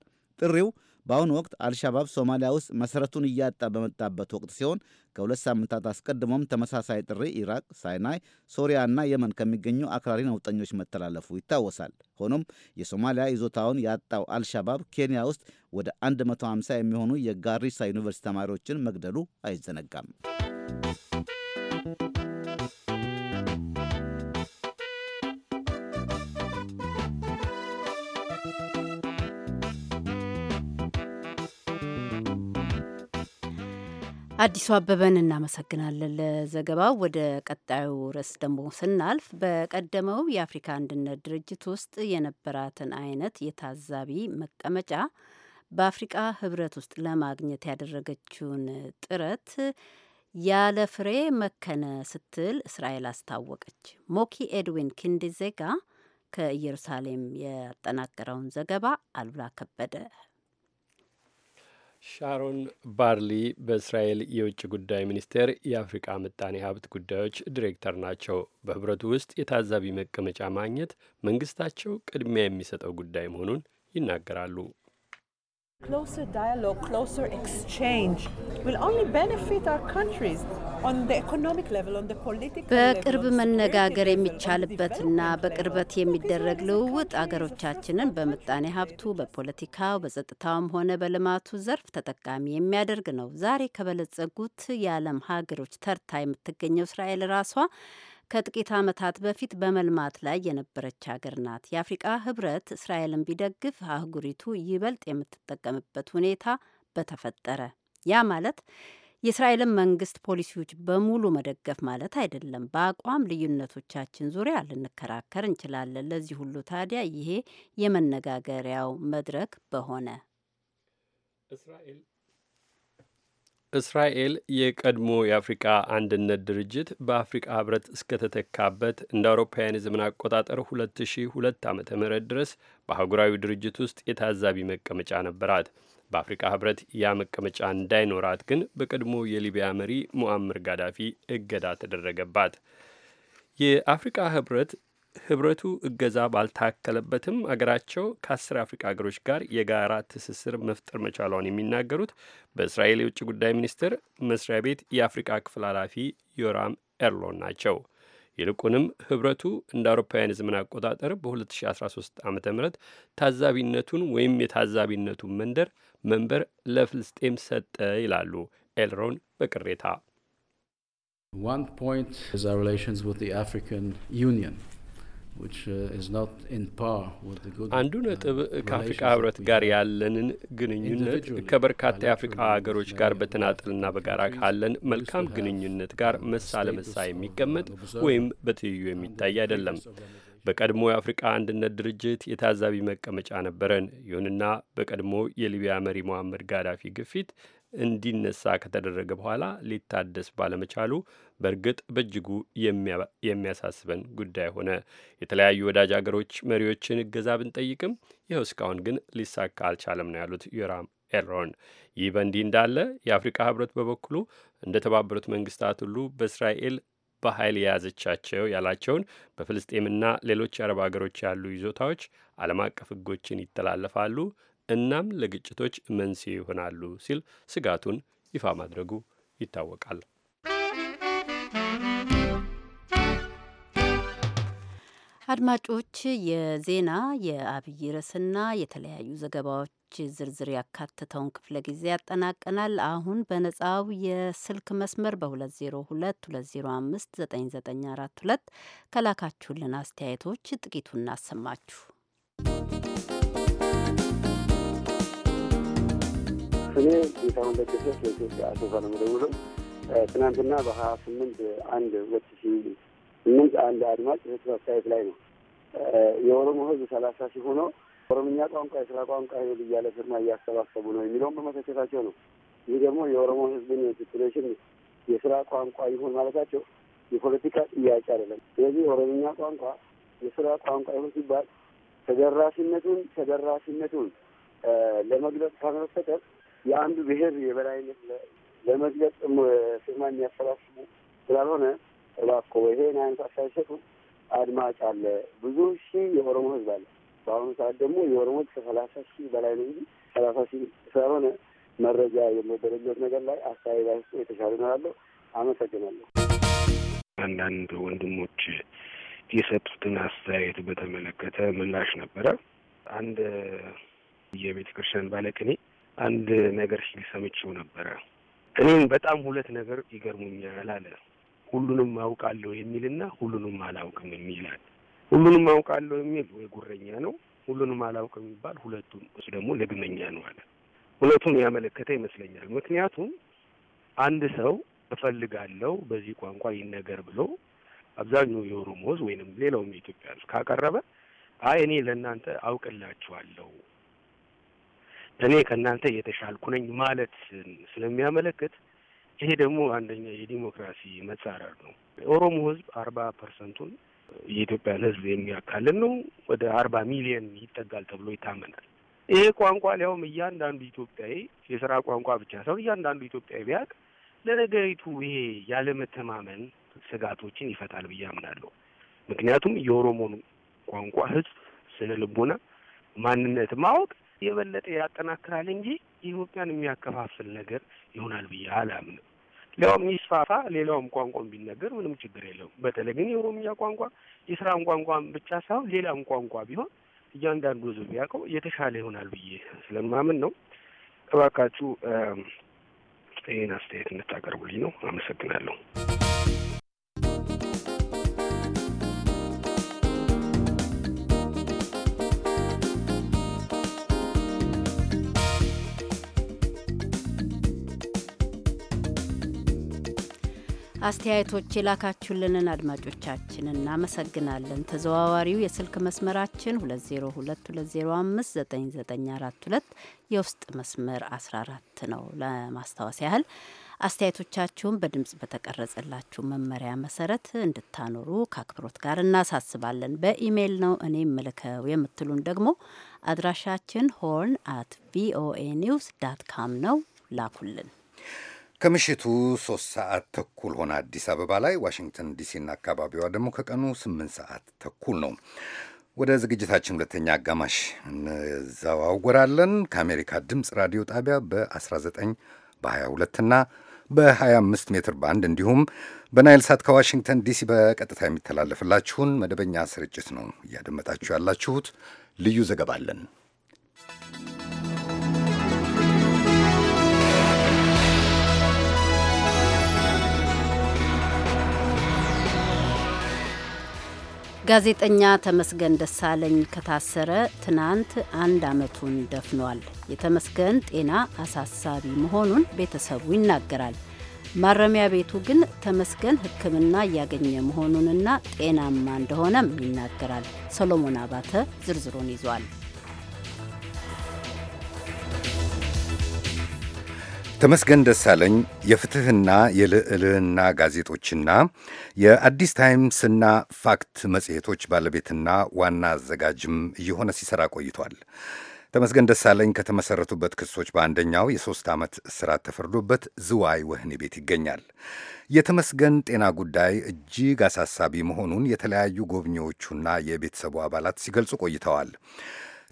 ጥሪው በአሁኑ ወቅት አልሻባብ ሶማሊያ ውስጥ መሠረቱን እያጣ በመጣበት ወቅት ሲሆን ከሁለት ሳምንታት አስቀድሞም ተመሳሳይ ጥሪ ኢራቅ፣ ሳይናይ፣ እና የመን ከሚገኙ አክራሪ ነውጠኞች መተላለፉ ይታወሳል። ሆኖም የሶማሊያ ይዞታውን ያጣው አልሻባብ ኬንያ ውስጥ ወደ 150 የሚሆኑ የጋሪሳ ዩኒቨርሲቲ ተማሪዎችን መግደሉ አይዘነጋም። አዲሱ አበበን እናመሰግናለን ለዘገባው። ወደ ቀጣዩ ርዕስ ደግሞ ስናልፍ በቀደመው የአፍሪካ አንድነት ድርጅት ውስጥ የነበራትን አይነት የታዛቢ መቀመጫ በአፍሪቃ ህብረት ውስጥ ለማግኘት ያደረገችውን ጥረት ያለ ፍሬ መከነ ስትል እስራኤል አስታወቀች። ሞኪ ኤድዊን ኪንዲዜጋ ከኢየሩሳሌም ያጠናቀረውን ዘገባ አሉላ ከበደ ሻሮን ባርሊ በእስራኤል የውጭ ጉዳይ ሚኒስቴር የአፍሪቃ ምጣኔ ሀብት ጉዳዮች ዲሬክተር ናቸው። በህብረቱ ውስጥ የታዛቢ መቀመጫ ማግኘት መንግስታቸው ቅድሚያ የሚሰጠው ጉዳይ መሆኑን ይናገራሉ። Closer dialogue, closer exchange will only benefit our countries. በቅርብ መነጋገር የሚቻልበትና በቅርበት የሚደረግ ልውውጥ አገሮቻችንን በምጣኔ ሀብቱ፣ በፖለቲካው፣ በጸጥታውም ሆነ በልማቱ ዘርፍ ተጠቃሚ የሚያደርግ ነው። ዛሬ ከበለጸጉት የዓለም ሀገሮች ተርታ የምትገኘው እስራኤል ራሷ ከጥቂት ዓመታት በፊት በመልማት ላይ የነበረች ሀገር ናት። የአፍሪቃ ህብረት እስራኤልን ቢደግፍ አህጉሪቱ ይበልጥ የምትጠቀምበት ሁኔታ በተፈጠረ። ያ ማለት የእስራኤልን መንግስት ፖሊሲዎች በሙሉ መደገፍ ማለት አይደለም። በአቋም ልዩነቶቻችን ዙሪያ ልንከራከር እንችላለን። ለዚህ ሁሉ ታዲያ ይሄ የመነጋገሪያው መድረክ በሆነ እስራኤል የቀድሞ የአፍሪቃ አንድነት ድርጅት በአፍሪቃ ህብረት እስከተተካበት እንደ አውሮፓውያን የዘመን አቆጣጠር 2002 ዓ ም ድረስ በአህጉራዊ ድርጅት ውስጥ የታዛቢ መቀመጫ ነበራት። በአፍሪቃ ህብረት ያ መቀመጫ እንዳይኖራት ግን በቀድሞ የሊቢያ መሪ ሙአምር ጋዳፊ እገዳ ተደረገባት። የአፍሪቃ ህብረት ህብረቱ እገዛ ባልታከለበትም አገራቸው ከአስር አፍሪካ ሀገሮች ጋር የጋራ ትስስር መፍጠር መቻሏን የሚናገሩት በእስራኤል የውጭ ጉዳይ ሚኒስቴር መስሪያ ቤት የአፍሪካ ክፍል ኃላፊ ዮራም ኤርሎን ናቸው። ይልቁንም ህብረቱ እንደ አውሮፓውያን ዘመን አቆጣጠር በ2013 ዓ ም ታዛቢነቱን ወይም የታዛቢነቱን መንደር መንበር ለፍልስጤም ሰጠ ይላሉ ኤልሮን በቅሬታ Uh, አንዱ ነጥብ uh, ከአፍሪቃ ህብረት ጋር ያለንን ግንኙነት ከበርካታ የአፍሪቃ ሀገሮች ጋር በተናጠልና በጋራ ካለን መልካም ግንኙነት ጋር መሳ ለመሳ የሚቀመጥ ወይም በትይዩ የሚታይ አይደለም። በቀድሞ የአፍሪቃ አንድነት ድርጅት የታዛቢ መቀመጫ ነበረን። ይሁንና በቀድሞ የሊቢያ መሪ መሐመድ ጋዳፊ ግፊት እንዲነሳ ከተደረገ በኋላ ሊታደስ ባለመቻሉ በእርግጥ በእጅጉ የሚያሳስበን ጉዳይ ሆነ። የተለያዩ ወዳጅ አገሮች መሪዎችን እገዛ ብንጠይቅም ይኸው እስካሁን ግን ሊሳካ አልቻለም ነው ያሉት ዮራም ኤልሮን። ይህ በእንዲህ እንዳለ የአፍሪካ ህብረት በበኩሉ እንደ ተባበሩት መንግስታት ሁሉ በእስራኤል በኃይል የያዘቻቸው ያላቸውን በፍልስጤምና ሌሎች የአረብ አገሮች ያሉ ይዞታዎች ዓለም አቀፍ ህጎችን ይተላለፋሉ እናም ለግጭቶች መንስኤ ይሆናሉ ሲል ስጋቱን ይፋ ማድረጉ ይታወቃል። አድማጮች የዜና የአብይ ርዕስና የተለያዩ ዘገባዎች ዝርዝር ያካተተውን ክፍለ ጊዜ ያጠናቀናል። አሁን በነጻው የስልክ መስመር በ2022059942 ከላካችሁልን አስተያየቶች ጥቂቱ እናሰማችሁ። ስሜ ጌታሁን ለገሰ ለኢትዮጵያ አሶሳ ነው የምደውለው። ትናንትና በሀያ ስምንት አንድ ሁለት ሺ ስምንት አንድ አድማጭ ህት አስተያየት ላይ ነው የኦሮሞ ህዝብ ሰላሳ ሺህ ሆኖ ኦሮምኛ ቋንቋ የስራ ቋንቋ ይሁን እያለ ፊርማ እያሰባሰቡ ነው የሚለውን በመተቸታቸው ነው። ይህ ደግሞ የኦሮሞ ህዝብን ሲትሬሽን የስራ ቋንቋ ይሁን ማለታቸው የፖለቲካ ጥያቄ አይደለም። ስለዚህ የኦሮምኛ ቋንቋ የስራ ቋንቋ ይሁን ሲባል ተደራሽነቱን ተደራሽነቱን ለመግለጽ ካልሆነ የአንዱ ብሔር የበላይነት ለመግለጽ ስማ የሚያሰባስቡ ስላልሆነ እባክዎ ይሄን አይነት አሳይሰቱ አድማጭ አለ፣ ብዙ ሺህ የኦሮሞ ህዝብ አለ። በአሁኑ ሰዓት ደግሞ የኦሮሞ ከሰላሳ ሺህ በላይ ነው እንጂ ሰላሳ ሺህ ስላልሆነ መረጃ የሚደረግበት ነገር ላይ አስተያየት ባይሰጡ የተሻለ እላለሁ። አመሰግናለሁ። አንዳንድ ወንድሞች የሰጡትን አስተያየት በተመለከተ ምላሽ ነበረ። አንድ የቤተ ክርስቲያን ባለቅኔ አንድ ነገር ሲል ሰምቼው ነበረ። እኔም በጣም ሁለት ነገር ይገርሙኛል አለ። ሁሉንም አውቃለሁ የሚልና ሁሉንም አላውቅም የሚላል። ሁሉንም አውቃለሁ የሚል ወይ ጉረኛ ነው፣ ሁሉንም አላውቅም የሚባል ሁለቱን፣ እሱ ደግሞ ልግመኛ ነው አለ። ሁለቱም ያመለከተ ይመስለኛል። ምክንያቱም አንድ ሰው እፈልጋለሁ በዚህ ቋንቋ ይነገር ብሎ አብዛኛው የኦሮሞ ሕዝብ ወይንም ሌላውም የኢትዮጵያ ሕዝብ ካቀረበ አይ እኔ ለእናንተ አውቅላችኋለሁ እኔ ከእናንተ እየተሻልኩ ነኝ ማለት ስለሚያመለክት ይሄ ደግሞ አንደኛ የዲሞክራሲ መጻረር ነው። የኦሮሞ ህዝብ አርባ ፐርሰንቱን የኢትዮጵያን ህዝብ የሚያካልን ነው። ወደ አርባ ሚሊየን ይጠጋል ተብሎ ይታመናል። ይሄ ቋንቋ ሊያውም እያንዳንዱ ኢትዮጵያዊ የስራ ቋንቋ ብቻ ሰው እያንዳንዱ ኢትዮጵያዊ ቢያቅ ለነገሪቱ ይሄ ያለመተማመን ስጋቶችን ይፈታል ብዬ አምናለሁ። ምክንያቱም የኦሮሞን ቋንቋ ህዝብ ስነ ልቦና፣ ማንነት ማወቅ የበለጠ ያጠናክራል እንጂ ኢትዮጵያን የሚያከፋፍል ነገር ይሆናል ብዬ አላምንም። ሊያውም ይስፋፋ፣ ሌላውም ቋንቋም ቢነገር ምንም ችግር የለውም። በተለይ ግን የኦሮምኛ ቋንቋ የስራም ቋንቋም ብቻ ሳይሆን ሌላም ቋንቋ ቢሆን እያንዳንዱ ሕዝብ ቢያውቀው የተሻለ ይሆናል ብዬ ስለማምን ነው። እባካችሁ ይህን አስተያየት እንድታቀርቡልኝ ነው። አመሰግናለሁ። አስተያየቶች የላካችሁልንን አድማጮቻችን እናመሰግናለን። ተዘዋዋሪው የስልክ መስመራችን 2022059942 የውስጥ መስመር 14 ነው። ለማስታወስ ያህል አስተያየቶቻችሁን በድምፅ በተቀረጸላችሁ መመሪያ መሰረት እንድታኖሩ ከአክብሮት ጋር እናሳስባለን። በኢሜይል ነው እኔ ምልከው የምትሉን ደግሞ አድራሻችን ሆርን አት ቪኦኤ ኒውስ ዳት ካም ነው። ላኩልን። ከምሽቱ ሶስት ሰዓት ተኩል ሆነ አዲስ አበባ ላይ። ዋሽንግተን ዲሲና አካባቢዋ ደግሞ ከቀኑ ስምንት ሰዓት ተኩል ነው። ወደ ዝግጅታችን ሁለተኛ አጋማሽ እንዘዋወራለን። ከአሜሪካ ድምፅ ራዲዮ ጣቢያ በ19 በ22 እና በ25 ሜትር ባንድ እንዲሁም በናይል ሳት ከዋሽንግተን ዲሲ በቀጥታ የሚተላለፍላችሁን መደበኛ ስርጭት ነው እያደመጣችሁ ያላችሁት። ልዩ ዘገባ አለን። ጋዜጠኛ ተመስገን ደሳለኝ ከታሰረ ትናንት አንድ ዓመቱን ደፍኗል። የተመስገን ጤና አሳሳቢ መሆኑን ቤተሰቡ ይናገራል። ማረሚያ ቤቱ ግን ተመስገን ሕክምና እያገኘ መሆኑንና ጤናማ እንደሆነም ይናገራል። ሰሎሞን አባተ ዝርዝሩን ይዟል። ተመስገን ደሳለኝ የፍትህና የልዕልና ጋዜጦችና የአዲስ ታይምስና ፋክት መጽሔቶች ባለቤትና ዋና አዘጋጅም እየሆነ ሲሰራ ቆይቷል። ተመስገን ደሳለኝ ከተመሠረቱበት ክሶች በአንደኛው የሦስት ዓመት እስራት ተፈርዶበት ዝዋይ ወህኒ ቤት ይገኛል። የተመስገን ጤና ጉዳይ እጅግ አሳሳቢ መሆኑን የተለያዩ ጎብኚዎቹና የቤተሰቡ አባላት ሲገልጹ ቆይተዋል።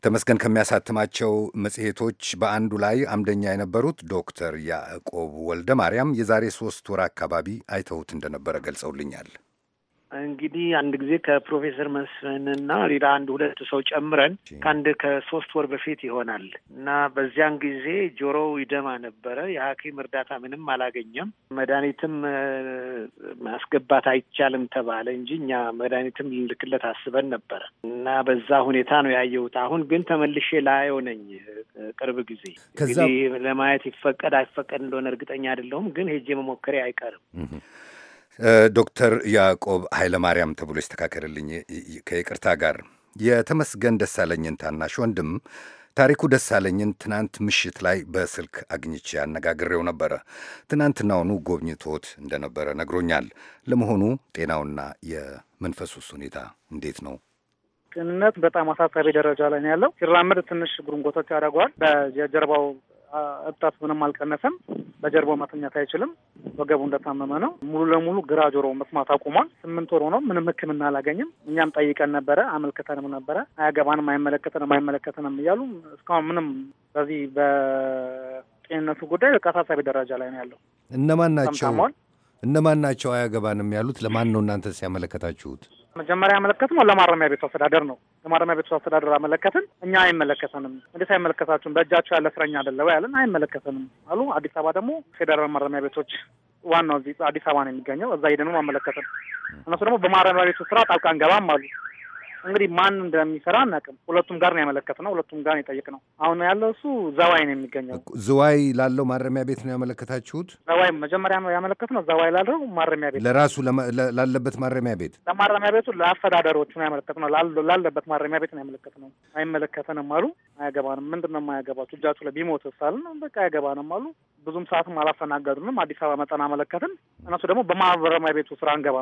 ተመስገን ከሚያሳትማቸው መጽሔቶች በአንዱ ላይ አምደኛ የነበሩት ዶክተር ያዕቆብ ወልደ ማርያም የዛሬ ሶስት ወር አካባቢ አይተውት እንደነበረ ገልጸውልኛል። እንግዲህ አንድ ጊዜ ከፕሮፌሰር መስፍንና ሌላ አንድ ሁለት ሰው ጨምረን ከአንድ ከሶስት ወር በፊት ይሆናል እና በዚያን ጊዜ ጆሮው ይደማ ነበረ። የሐኪም እርዳታ ምንም አላገኘም። መድኃኒትም ማስገባት አይቻልም ተባለ እንጂ እኛ መድኃኒትም ልልክለት አስበን ነበረ እና በዛ ሁኔታ ነው ያየሁት። አሁን ግን ተመልሼ ላየው ነኝ ቅርብ ጊዜ እንግዲህ ለማየት ይፈቀድ አይፈቀድ እንደሆነ እርግጠኛ አይደለሁም፣ ግን ሄጄ መሞከሬ አይቀርም። ዶክተር ያዕቆብ ኃይለማርያም ተብሎ ይስተካከልልኝ ከይቅርታ ጋር የተመስገን ደሳለኝን ታናሽ ወንድም ታሪኩ ደሳለኝን ትናንት ምሽት ላይ በስልክ አግኝቼ ያነጋግሬው ነበረ። ትናንትናውኑ ጎብኝቶት እንደነበረ ነግሮኛል። ለመሆኑ ጤናውና የመንፈሱስ ሁኔታ እንዴት ነው? ጤንነት በጣም አሳሳቢ ደረጃ ላይ ነው ያለው። ሲራመድ ትንሽ ጉርንጎቶች ያደርገዋል። በጀርባው እብጠት ምንም አልቀነሰም። በጀርባው መተኛት አይችልም። ወገቡ እንደታመመ ነው። ሙሉ ለሙሉ ግራ ጆሮ መስማት አቁሟል። ስምንት ወር ሆኖ ምንም ሕክምና አላገኝም። እኛም ጠይቀን ነበረ፣ አመልክተንም ነበረ። አያገባንም፣ አይመለከተንም፣ አይመለከተንም እያሉ እስካሁን ምንም በዚህ በጤንነቱ ጉዳይ በቃ አሳሳቢ ደረጃ ላይ ነው ያለው። እነማን ናቸው እነማን ናቸው አያገባንም ያሉት? ለማን ነው እናንተ ሲያመለከታችሁት? መጀመሪያ ያመለከትነው ለማረሚያ ቤቱ አስተዳደር ነው። ለማረሚያ ቤቱ አስተዳደር አመለከትን። እኛ አይመለከተንም፣ እንዴት አይመለከታችሁም? በእጃቸው ያለ እስረኛ አይደለ ወይ ያለን፣ አይመለከተንም አሉ። አዲስ አበባ ደግሞ ፌዴራል ማረሚያ ቤቶች ዋናው እዚህ አዲስ አበባ ነው የሚገኘው። እዛ ሄደን አመለከትን። እነሱ ደግሞ በማረሚያ ቤቱ ስራ ጣልቃ እንገባም አሉ። እንግዲህ ማን እንደሚሰራ አናውቅም። ሁለቱም ጋር ነው ያመለከትነው፣ ሁለቱም ጋር ነው የጠየቅነው። አሁን ያለው እሱ ዘዋይ ነው የሚገኘው። ዝዋይ ላለው ማረሚያ ቤት ነው ያመለከታችሁት? ዘዋይ መጀመሪያ ያመለከትነው ዘዋይ ላለው ማረሚያ ቤት፣ ለራሱ ላለበት ማረሚያ ቤት፣ ለማረሚያ ቤቱ ለአስተዳደሮቹ ነው ያመለከትነው። ላለበት ማረሚያ ቤት ነው ያመለከትነው። አይመለከተንም አሉ፣ አያገባንም። ምንድን ነው የማያገባችሁ? እጃችሁ ላይ ቢሞት ሳልን በቃ አያገባንም አሉ። ብዙም ሰዓትም አላስተናገዱንም። አዲስ አበባ መጠን አመለከትን። እነሱ ደግሞ በማረሚያ ቤቱ ስራ አንገባ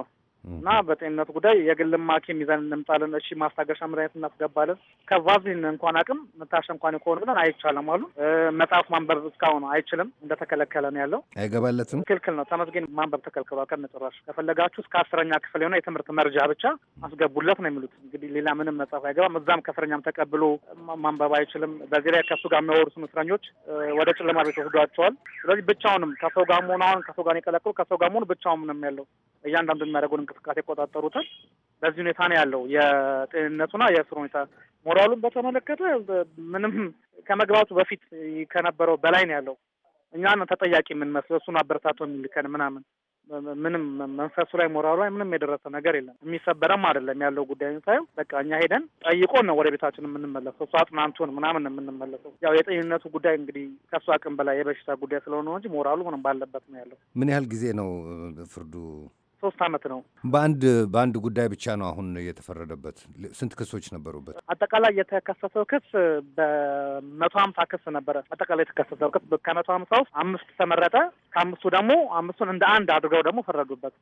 እና በጤንነት ጉዳይ የግልም ሐኪም ይዘን እንምጣለን። እሺ ማስታገሻ መድኃኒት እናስገባለን። ከቫዝሊን እንኳን አቅም መታሻ እንኳን ከሆነ ብለን አይቻልም አሉ። መጽሐፍ ማንበብ እስካሁን አይችልም፣ እንደተከለከለ ነው ያለው። አይገባለትም፣ ክልክል ነው። ተመስገን ማንበብ ተከልክሏል። ከነጭራሽ ከፈለጋችሁ እስከ አስረኛ ክፍል የሆነ የትምህርት መርጃ ብቻ አስገቡለት ነው የሚሉት። እንግዲህ ሌላ ምንም መጽሐፍ አይገባም። እዛም ከእስረኛም ተቀብሎ ማንበብ አይችልም። በዚህ ላይ ከሱ ጋር የሚያወሩትን እስረኞች ወደ ጨለማ ቤት ወስዷቸዋል። ስለዚህ ብቻውንም ከሰው ጋር መሆን አሁን ከሰው ጋር የቀለቀሉ ከሰው ጋር መሆኑ ብቻውንም ነው ያለው እያንዳንዱ የሚያደርገውን እንቅስቃሴ ይቆጣጠሩታል። በዚህ ሁኔታ ነው ያለው። የጤንነቱና የእስር ሁኔታ ሞራሉን በተመለከተ ምንም ከመግባቱ በፊት ከነበረው በላይ ነው ያለው። እኛን ተጠያቂ የምንመስለው እሱን አበረታቶ የሚልከን ምናምን ምንም መንፈሱ ላይ ሞራሉ ላይ ምንም የደረሰ ነገር የለም። የሚሰበረም አይደለም ያለው ጉዳይ ሳየው በቃ እኛ ሄደን ጠይቆን ነው ወደ ቤታችን የምንመለሰው። እሷ አጥናንቱን ምናምን የምንመለሰው ያው የጤንነቱ ጉዳይ እንግዲህ ከሱ አቅም በላይ የበሽታ ጉዳይ ስለሆነ እንጂ ሞራሉ ምንም ባለበት ነው ያለው። ምን ያህል ጊዜ ነው ፍርዱ ሶስት አመት ነው። በአንድ በአንድ ጉዳይ ብቻ ነው አሁን የተፈረደበት። ስንት ክሶች ነበሩበት? አጠቃላይ የተከሰሰው ክስ በመቶ ሀምሳ ክስ ነበረ። አጠቃላይ የተከሰሰው ክስ ከመቶ ሀምሳ ውስጥ አምስት ተመረጠ። ከአምስቱ ደግሞ አምስቱን እንደ አንድ አድርገው ደግሞ ፈረዱበት።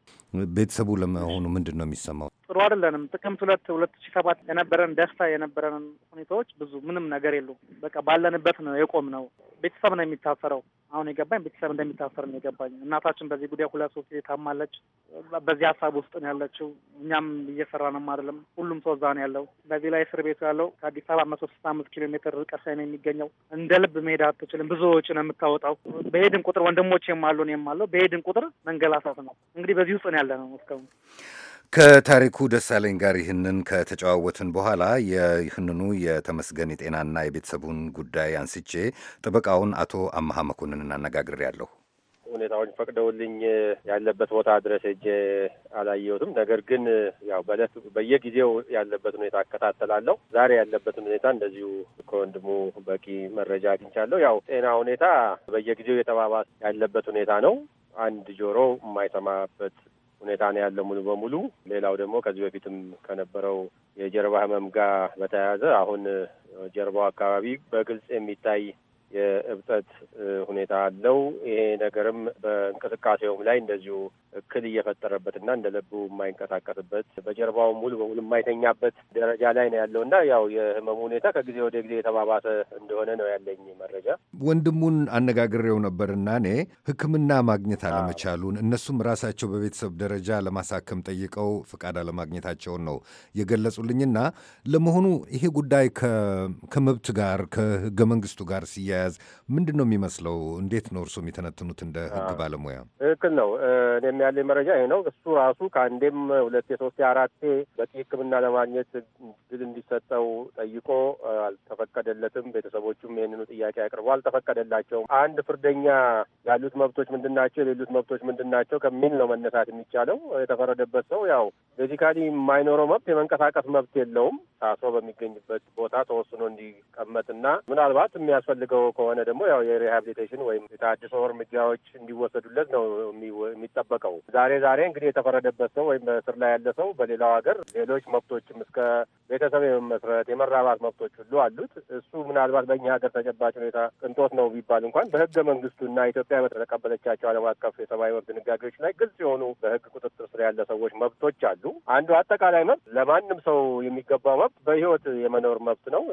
ቤተሰቡ ለመሆኑ ምንድን ነው የሚሰማው? ጥሩ አይደለንም። ጥቅምት ሁለት ሁለት ሺ ሰባት የነበረን ደስታ የነበረን ሁኔታዎች ብዙ ምንም ነገር የሉም። በቃ ባለንበት ነው የቆም ነው። ቤተሰብ ነው የሚታሰረው። አሁን የገባኝ ቤተሰብ እንደሚታሰር ነው የገባኝ። እናታችን በዚህ ጉዳይ ሁለት ሶስት ጊዜ ታማለች። በዚህ ሀሳብ ውስጥ ነው ያለችው። እኛም እየሰራ ነው አይደለም። ሁሉም ሰው እዛ ነው ያለው። በዚህ ላይ እስር ቤቱ ያለው ከአዲስ አበባ መቶ ስልሳ አምስት ኪሎ ሜትር ርቀት ላይ ነው የሚገኘው። እንደ ልብ መሄድ አትችልም። ብዙ ወጪ ነው የምታወጣው። በሄድን ቁጥር ወንድሞች የማሉ ነው የማለው በሄድን ቁጥር መንገላሳት ነው። እንግዲህ በዚህ ውስጥ ነው ያለ ነው እስካሁን ከታሪኩ ደሳለኝ ጋር ይህንን ከተጨዋወትን በኋላ ይህንኑ የተመስገን የጤናና የቤተሰቡን ጉዳይ አንስቼ ጥበቃውን አቶ አመሀ መኮንንን ያለሁ። ሁኔታዎች ፈቅደውልኝ ያለበት ቦታ ድረስ ሄጄ አላየሁትም። ነገር ግን ያው በለት በየጊዜው ያለበት ሁኔታ አከታተላለሁ። ዛሬ ያለበትን ሁኔታ እንደዚሁ ከወንድሙ በቂ መረጃ አግኝቻለሁ። ያው ጤና ሁኔታ በየጊዜው የተባባስ ያለበት ሁኔታ ነው። አንድ ጆሮ የማይሰማበት ሁኔታ ነው ያለው ሙሉ በሙሉ። ሌላው ደግሞ ከዚህ በፊትም ከነበረው የጀርባ ህመም ጋር በተያያዘ አሁን ጀርባው አካባቢ በግልጽ የሚታይ የእብጠት ሁኔታ አለው። ይሄ ነገርም በእንቅስቃሴውም ላይ እንደዚሁ እክል እየፈጠረበትና እንደ ልቡ የማይንቀሳቀስበት በጀርባው ሙሉ በሙሉ የማይተኛበት ደረጃ ላይ ነው ያለው እና ያው የህመሙ ሁኔታ ከጊዜ ወደ ጊዜ የተባባሰ እንደሆነ ነው ያለኝ መረጃ። ወንድሙን አነጋግሬው ነበርና እኔ ሕክምና ማግኘት አለመቻሉን እነሱም ራሳቸው በቤተሰብ ደረጃ ለማሳከም ጠይቀው ፍቃድ አለማግኘታቸውን ነው የገለጹልኝና ለመሆኑ ይሄ ጉዳይ ከመብት ጋር ከህገ መንግስቱ ጋር ሲያ አያያዝ ምንድን ነው የሚመስለው? እንዴት ነው እርሱ የሚተነትኑት እንደ ህግ ባለሙያ? ትክክል ነው። እኔም ያለኝ መረጃ ይሄ ነው። እሱ ራሱ ከአንዴም ሁለቴ፣ ሶስቴ፣ አራቴ በቂ ህክምና ለማግኘት ድል እንዲሰጠው ጠይቆ አልተፈቀደለትም። ቤተሰቦቹም ይህንኑ ጥያቄ አቅርቦ አልተፈቀደላቸውም። አንድ ፍርደኛ ያሉት መብቶች ምንድን ናቸው፣ የሌሉት መብቶች ምንድን ናቸው ከሚል ነው መነሳት የሚቻለው። የተፈረደበት ሰው ያው ቤዚካሊ የማይኖረው መብት የመንቀሳቀስ መብት የለውም። ታስሮ በሚገኝበት ቦታ ተወስኖ እንዲቀመጥና ምናልባት የሚያስፈልገው ከሆነ ደግሞ ያው የሪሃብሊቴሽን ወይም የታድሶ እርምጃዎች እንዲወሰዱለት ነው የሚጠበቀው። ዛሬ ዛሬ እንግዲህ የተፈረደበት ሰው ወይም በእስር ላይ ያለ ሰው በሌላው ሀገር ሌሎች መብቶችም እስከ ቤተሰብ የመመስረት የመራባት መብቶች ሁሉ አሉት። እሱ ምናልባት በእኛ ሀገር ተጨባጭ ሁኔታ ቅንጦት ነው ቢባል እንኳን በህገ መንግስቱና ኢትዮጵያ በተቀበለቻቸው ዓለም አቀፍ የሰብአዊ መብት ድንጋጌዎች ላይ ግልጽ የሆኑ በህግ ቁጥጥር ስር ያለ ሰዎች መብቶች አሉ። አንዱ አጠቃላይ መብት ለማንም ሰው የሚገባው መብት በህይወት የመኖር መብት ነው።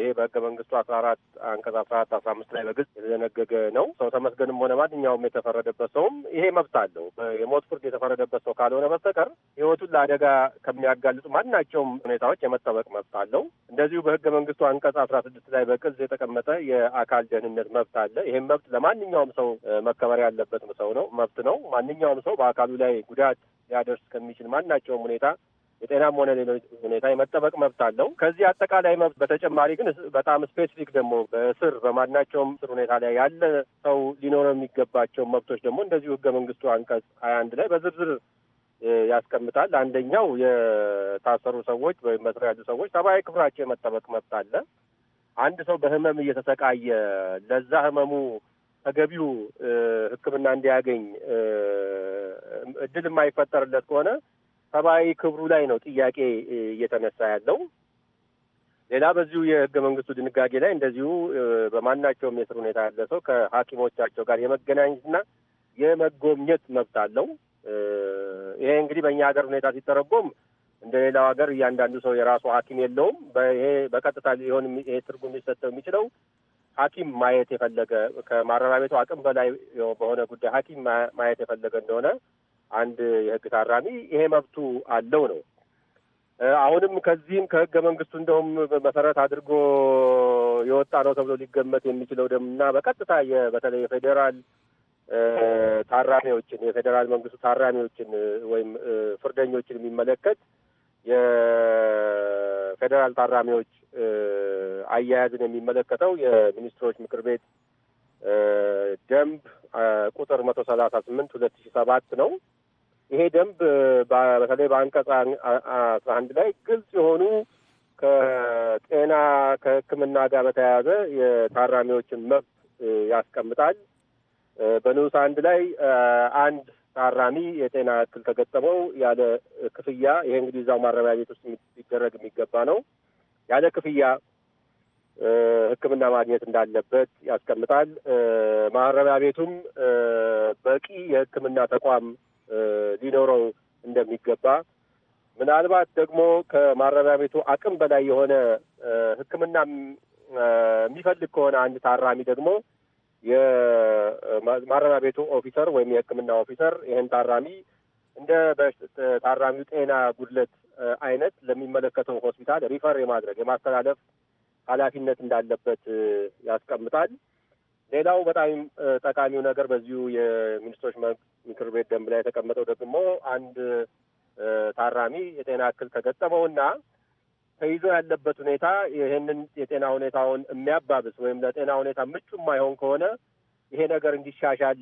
ይሄ በህገ መንግስቱ አስራ አራት አንቀጽ አስራ አራት አስራ አምስት ላይ በግልጽ የተደነገገ ነው። ሰው ተመስገንም ሆነ ማንኛውም የተፈረደበት ሰውም ይሄ መብት አለው። የሞት ፍርድ የተፈረደበት ሰው ካልሆነ በስተቀር ህይወቱን ለአደጋ ከሚያጋልጡ ማናቸውም ሁኔታዎች የመጠበቅ መብት አለው። እንደዚሁ በህገ መንግስቱ አንቀጽ አስራ ስድስት ላይ በቅጽ የተቀመጠ የአካል ደህንነት መብት አለ። ይህም መብት ለማንኛውም ሰው መከበር ያለበት ሰው ነው መብት ነው። ማንኛውም ሰው በአካሉ ላይ ጉዳት ሊያደርስ ከሚችል ማናቸውም ሁኔታ የጤናም ሆነ ሌሎች ሁኔታ የመጠበቅ መብት አለው። ከዚህ አጠቃላይ መብት በተጨማሪ ግን በጣም ስፔሲፊክ ደግሞ በእስር በማናቸውም እስር ሁኔታ ላይ ያለ ሰው ሊኖረው የሚገባቸው መብቶች ደግሞ እንደዚሁ ህገ መንግስቱ አንቀጽ ሀያ አንድ ላይ በዝርዝር ያስቀምጣል። አንደኛው የታሰሩ ሰዎች ወይም በእስር ያሉ ሰዎች ሰብአዊ ክፍላቸው የመጠበቅ መብት አለ። አንድ ሰው በህመም እየተሰቃየ ለዛ ህመሙ ተገቢው ሕክምና እንዲያገኝ እድል የማይፈጠርለት ከሆነ ሰብአዊ ክብሩ ላይ ነው ጥያቄ እየተነሳ ያለው። ሌላ በዚሁ የህገ መንግስቱ ድንጋጌ ላይ እንደዚሁ በማናቸውም የስር ሁኔታ ያለ ሰው ከሐኪሞቻቸው ጋር የመገናኘትና የመጎብኘት መብት አለው። ይሄ እንግዲህ በእኛ ሀገር ሁኔታ ሲተረጎም እንደ ሌላው ሀገር እያንዳንዱ ሰው የራሱ ሐኪም የለውም። ይሄ በቀጥታ ሊሆን ይሄ ትርጉም ሊሰጠው የሚችለው ሐኪም ማየት የፈለገ ከማረሚያ ቤቱ አቅም በላይ በሆነ ጉዳይ ሐኪም ማየት የፈለገ እንደሆነ አንድ የህግ ታራሚ ይሄ መብቱ አለው ነው። አሁንም ከዚህም ከህገ መንግስቱ እንደውም መሰረት አድርጎ የወጣ ነው ተብሎ ሊገመት የሚችለው ደምና በቀጥታ በተለይ የፌዴራል ታራሚዎችን የፌዴራል መንግስቱ ታራሚዎችን ወይም ፍርደኞችን የሚመለከት የፌዴራል ታራሚዎች አያያዝን የሚመለከተው የሚኒስትሮች ምክር ቤት ደንብ ቁጥር መቶ ሰላሳ ስምንት ሁለት ሺ ሰባት ነው። ይሄ ደንብ በተለይ በአንቀጽ አስራ አንድ ላይ ግልጽ የሆኑ ከጤና ከሕክምና ጋር በተያያዘ የታራሚዎችን መብት ያስቀምጣል። በንዑስ አንድ ላይ አንድ ታራሚ የጤና እክል ከገጠመው ያለ ክፍያ ይሄ እንግዲህ እዛው ማረሚያ ቤት ውስጥ ሊደረግ የሚገባ ነው። ያለ ክፍያ ሕክምና ማግኘት እንዳለበት ያስቀምጣል። ማረሚያ ቤቱም በቂ የሕክምና ተቋም ሊኖረው እንደሚገባ ምናልባት ደግሞ ከማረሚያ ቤቱ አቅም በላይ የሆነ ሕክምና የሚፈልግ ከሆነ አንድ ታራሚ ደግሞ የማረሚያ ቤቱ ኦፊሰር ወይም የሕክምና ኦፊሰር ይህን ታራሚ እንደ ታራሚው ጤና ጉድለት አይነት ለሚመለከተው ሆስፒታል ሪፈር የማድረግ የማስተላለፍ ኃላፊነት እንዳለበት ያስቀምጣል። ሌላው በጣም ጠቃሚው ነገር በዚሁ የሚኒስትሮች ምክር ቤት ደንብ ላይ የተቀመጠው ደግሞ አንድ ታራሚ የጤና እክል ከገጠመውና ተይዞ ያለበት ሁኔታ ይህንን የጤና ሁኔታውን የሚያባብስ ወይም ለጤና ሁኔታ ምቹ የማይሆን ከሆነ ይሄ ነገር እንዲሻሻል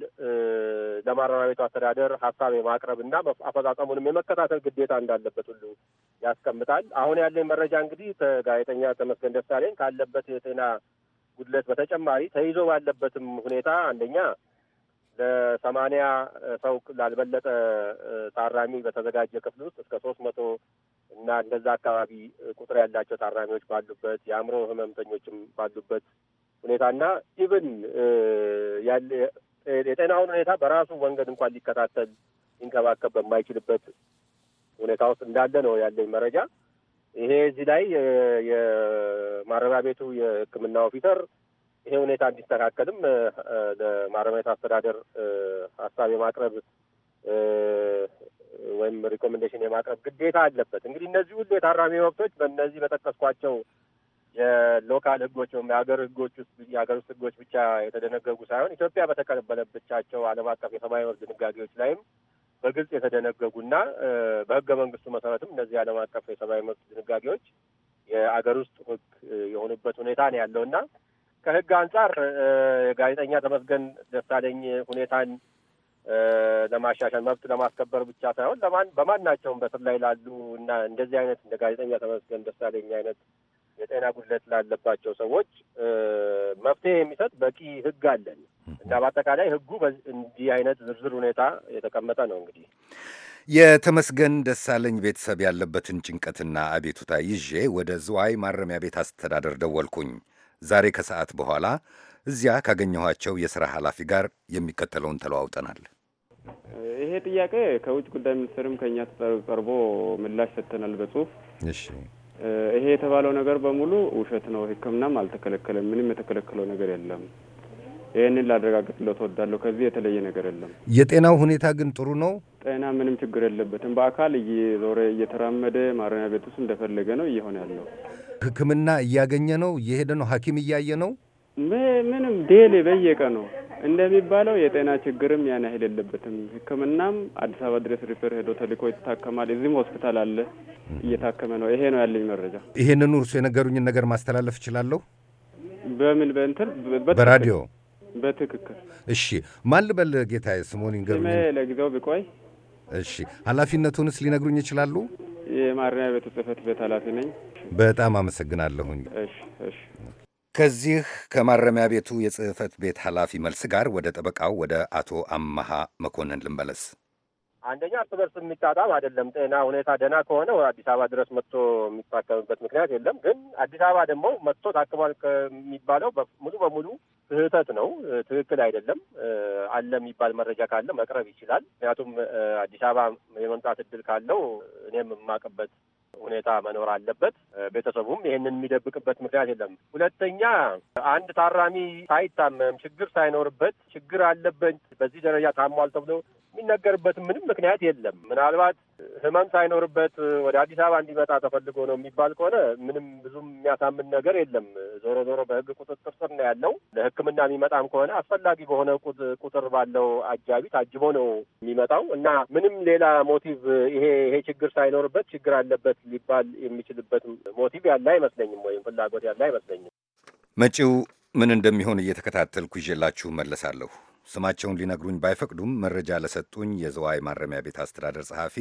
ለማረሚያ ቤቱ አስተዳደር ሀሳብ የማቅረብ እና አፈጻጸሙንም የመከታተል ግዴታ እንዳለበት ሁሉ ያስቀምጣል። አሁን ያለኝ መረጃ እንግዲህ ከጋዜጠኛ ተመስገን ደሳለኝ ካለበት የጤና ጉድለት በተጨማሪ ተይዞ ባለበትም ሁኔታ አንደኛ ለሰማንያ ሰው ላልበለጠ ታራሚ በተዘጋጀ ክፍል ውስጥ እስከ ሶስት መቶ እና እንደዛ አካባቢ ቁጥር ያላቸው ታራሚዎች ባሉበት የአእምሮ ህመምተኞችም ባሉበት ሁኔታና ኢቭን የጤናውን ሁኔታ በራሱ መንገድ እንኳን ሊከታተል ሊንከባከብ በማይችልበት ሁኔታ ውስጥ እንዳለ ነው ያለኝ መረጃ። ይሄ እዚህ ላይ የማረሚያ ቤቱ የሕክምና ኦፊሰር ይሄ ሁኔታ እንዲስተካከልም ለማረሚያ ቤት አስተዳደር ሀሳብ የማቅረብ ወይም ሪኮሜንዴሽን የማቅረብ ግዴታ አለበት። እንግዲህ እነዚህ ሁሉ የታራሚ መብቶች በእነዚህ በጠቀስኳቸው የሎካል ህጎች ወይም የሀገር ህጎች ውስጥ የሀገር ውስጥ ህጎች ብቻ የተደነገጉ ሳይሆን ኢትዮጵያ በተቀበለቻቸው ዓለም አቀፍ የሰብአዊ መብት ድንጋጌዎች ላይም በግልጽ የተደነገጉና በህገ መንግስቱ መሰረትም እነዚህ ዓለም አቀፍ የሰብአዊ መብት ድንጋጌዎች የአገር ውስጥ ህግ የሆኑበት ሁኔታ ነው ያለውና ከህግ አንጻር የጋዜጠኛ ተመስገን ደሳለኝ ሁኔታን ለማሻሻል መብት ለማስከበር ብቻ ሳይሆን ለማን በማናቸውም በስር ላይ ላሉ እና እንደዚህ አይነት እንደ ጋዜጠኛ ተመስገን ደሳለኝ አይነት የጤና ጉድለት ላለባቸው ሰዎች መፍትሄ የሚሰጥ በቂ ህግ አለን እና በአጠቃላይ ህጉ እንዲህ አይነት ዝርዝር ሁኔታ የተቀመጠ ነው። እንግዲህ የተመስገን ደሳለኝ ቤተሰብ ያለበትን ጭንቀትና አቤቱታ ይዤ ወደ ዝዋይ ማረሚያ ቤት አስተዳደር ደወልኩኝ። ዛሬ ከሰዓት በኋላ እዚያ ካገኘኋቸው የሥራ ኃላፊ ጋር የሚከተለውን ተለዋውጠናል። ይሄ ጥያቄ ከውጭ ጉዳይ ሚኒስቴርም ከእኛ ቀርቦ ምላሽ ሰጥተናል በጽሁፍ። እሺ ይሄ የተባለው ነገር በሙሉ ውሸት ነው። ሕክምናም አልተከለከለም። ምንም የተከለከለው ነገር የለም። ይህንን ላረጋግጥልዎት እወዳለሁ። ከዚህ የተለየ ነገር የለም። የጤናው ሁኔታ ግን ጥሩ ነው። ጤና ምንም ችግር የለበትም። በአካል እየዞረ እየተራመደ ማረሚያ ቤት ውስጥ እንደፈለገ ነው እየሆነ ያለው። ሕክምና እያገኘ ነው፣ እየሄደ ነው፣ ሐኪም እያየ ነው። ምንም ዴሌ በየቀ ነው እንደሚባለው የጤና ችግርም ያን ያህል የለበትም። ሕክምናም አዲስ አበባ ድረስ ሪፈር ሄዶ ተልኮ ይታከማል። እዚህም ሆስፒታል አለ እየታከመ ነው። ይሄ ነው ያለኝ መረጃ። ይሄንኑ እርሱ የነገሩኝን ነገር ማስተላለፍ እችላለሁ። በምን በእንትን በራዲዮ በትክክል እሺ። ማን ልበል ጌታዬ? ስሞን ይንገሩኝ ለጊዜው ቢቆይ እሺ። ኃላፊነቱንስ ሊነግሩኝ ይችላሉ? የማረሚያ ቤቱ ጽህፈት ቤት ኃላፊ ነኝ። በጣም አመሰግናለሁኝ። እሺ እሺ። ከዚህ ከማረሚያ ቤቱ የጽህፈት ቤት ኃላፊ መልስ ጋር ወደ ጠበቃው ወደ አቶ አመሃ መኮንን ልንመለስ። አንደኛ እርስ በርስ የሚጣጣም አይደለም። ጤና ሁኔታ ደህና ከሆነ አዲስ አበባ ድረስ መጥቶ የሚታከምበት ምክንያት የለም። ግን አዲስ አበባ ደግሞ መጥቶ ታክሟል ከሚባለው ሙሉ በሙሉ ስህተት ነው፣ ትክክል አይደለም። አለ የሚባል መረጃ ካለ መቅረብ ይችላል። ምክንያቱም አዲስ አበባ የመምጣት እድል ካለው እኔም የማቅበት ሁኔታ መኖር አለበት። ቤተሰቡም ይህንን የሚደብቅበት ምክንያት የለም። ሁለተኛ አንድ ታራሚ ሳይታመም ችግር ሳይኖርበት ችግር አለበት በዚህ ደረጃ ታሟል ተብሎ የሚነገርበት ምንም ምክንያት የለም። ምናልባት ህመም ሳይኖርበት ወደ አዲስ አበባ እንዲመጣ ተፈልጎ ነው የሚባል ከሆነ ምንም ብዙም የሚያሳምን ነገር የለም። ዞሮ ዞሮ በህግ ቁጥጥር ስር ነው ያለው። ለህክምና የሚመጣም ከሆነ አስፈላጊ በሆነ ቁጥር ባለው አጃቢ ታጅቦ ነው የሚመጣው እና ምንም ሌላ ሞቲቭ ይሄ ይሄ ችግር ሳይኖርበት ችግር አለበት ሊባል የሚችልበት ሞቲቭ ያለ አይመስለኝም፣ ወይም ፍላጎት ያለ አይመስለኝም። መጪው ምን እንደሚሆን እየተከታተልኩ ይዤላችሁ መለሳለሁ። ስማቸውን ሊነግሩኝ ባይፈቅዱም መረጃ ለሰጡኝ የዘዋይ ማረሚያ ቤት አስተዳደር ጸሐፊ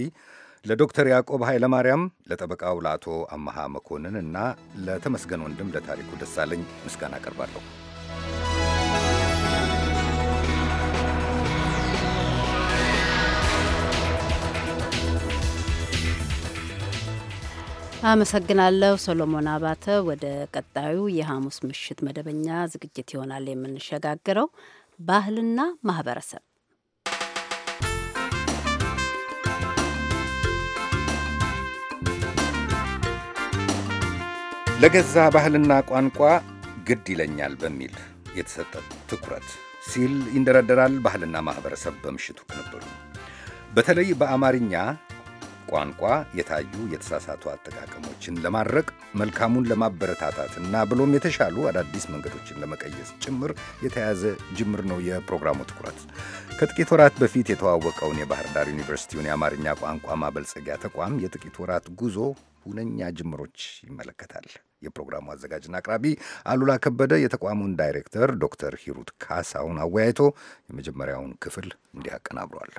ለዶክተር ያዕቆብ ኃይለማርያም፣ ለጠበቃው ለአቶ አመሃ መኮንን እና ለተመስገን ወንድም ለታሪኩ ደሳለኝ ምስጋና አቀርባለሁ። አመሰግናለሁ ሶሎሞን አባተ። ወደ ቀጣዩ የሐሙስ ምሽት መደበኛ ዝግጅት ይሆናል የምንሸጋገረው። ባህልና ማህበረሰብ ለገዛ ባህልና ቋንቋ ግድ ይለኛል በሚል የተሰጠ ትኩረት ሲል ይንደረደራል ባህልና ማህበረሰብ በምሽቱ ቅንብሩ በተለይ በአማርኛ ቋንቋ የታዩ የተሳሳቱ አጠቃቀሞችን ለማድረቅ መልካሙን ለማበረታታት እና ብሎም የተሻሉ አዳዲስ መንገዶችን ለመቀየስ ጭምር የተያዘ ጅምር ነው የፕሮግራሙ ትኩረት። ከጥቂት ወራት በፊት የተዋወቀውን የባህር ዳር ዩኒቨርሲቲውን የአማርኛ ቋንቋ ማበልጸጊያ ተቋም የጥቂት ወራት ጉዞ ሁነኛ ጅምሮች ይመለከታል። የፕሮግራሙ አዘጋጅና አቅራቢ አሉላ ከበደ የተቋሙን ዳይሬክተር ዶክተር ሂሩት ካሳውን አወያይቶ የመጀመሪያውን ክፍል እንዲህ አቀናብሯል።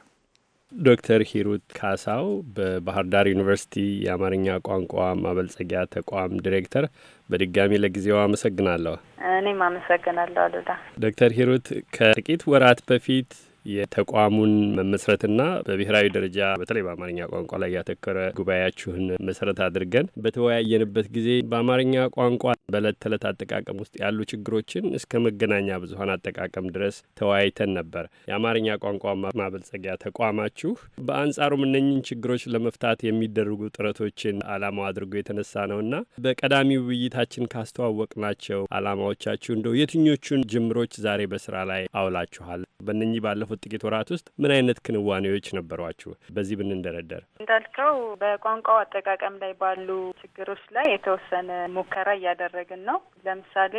ዶክተር ሂሩት ካሳው በባህር ዳር ዩኒቨርሲቲ የአማርኛ ቋንቋ ማበልጸጊያ ተቋም ዲሬክተር፣ በድጋሚ ለጊዜው አመሰግናለሁ። እኔም አመሰግናለሁ አሉላ። ዶክተር ሂሩት ከጥቂት ወራት በፊት የተቋሙን መመስረትና በብሔራዊ ደረጃ በተለይ በአማርኛ ቋንቋ ላይ ያተኮረ ጉባኤያችሁን መሰረት አድርገን በተወያየንበት ጊዜ በአማርኛ ቋንቋ በዕለት ተዕለት አጠቃቀም ውስጥ ያሉ ችግሮችን እስከ መገናኛ ብዙኃን አጠቃቀም ድረስ ተወያይተን ነበር። የአማርኛ ቋንቋ ማበልጸጊያ ተቋማችሁ በአንጻሩም እነኝን ችግሮች ለመፍታት የሚደረጉ ጥረቶችን ዓላማው አድርጎ የተነሳ ነውና በቀዳሚ ውይይታችን ካስተዋወቅናቸው ዓላማዎቻችሁ እንደው የትኞቹን ጅምሮች ዛሬ በስራ ላይ አውላችኋል? በእነኚህ ባለፉት ጥቂት ወራት ውስጥ ምን አይነት ክንዋኔዎች ነበሯችሁ? በዚህ ብንንደረደር እንዳልከው በቋንቋው አጠቃቀም ላይ ባሉ ችግሮች ላይ የተወሰነ ሙከራ እያደረ እያደረግን ነው። ለምሳሌ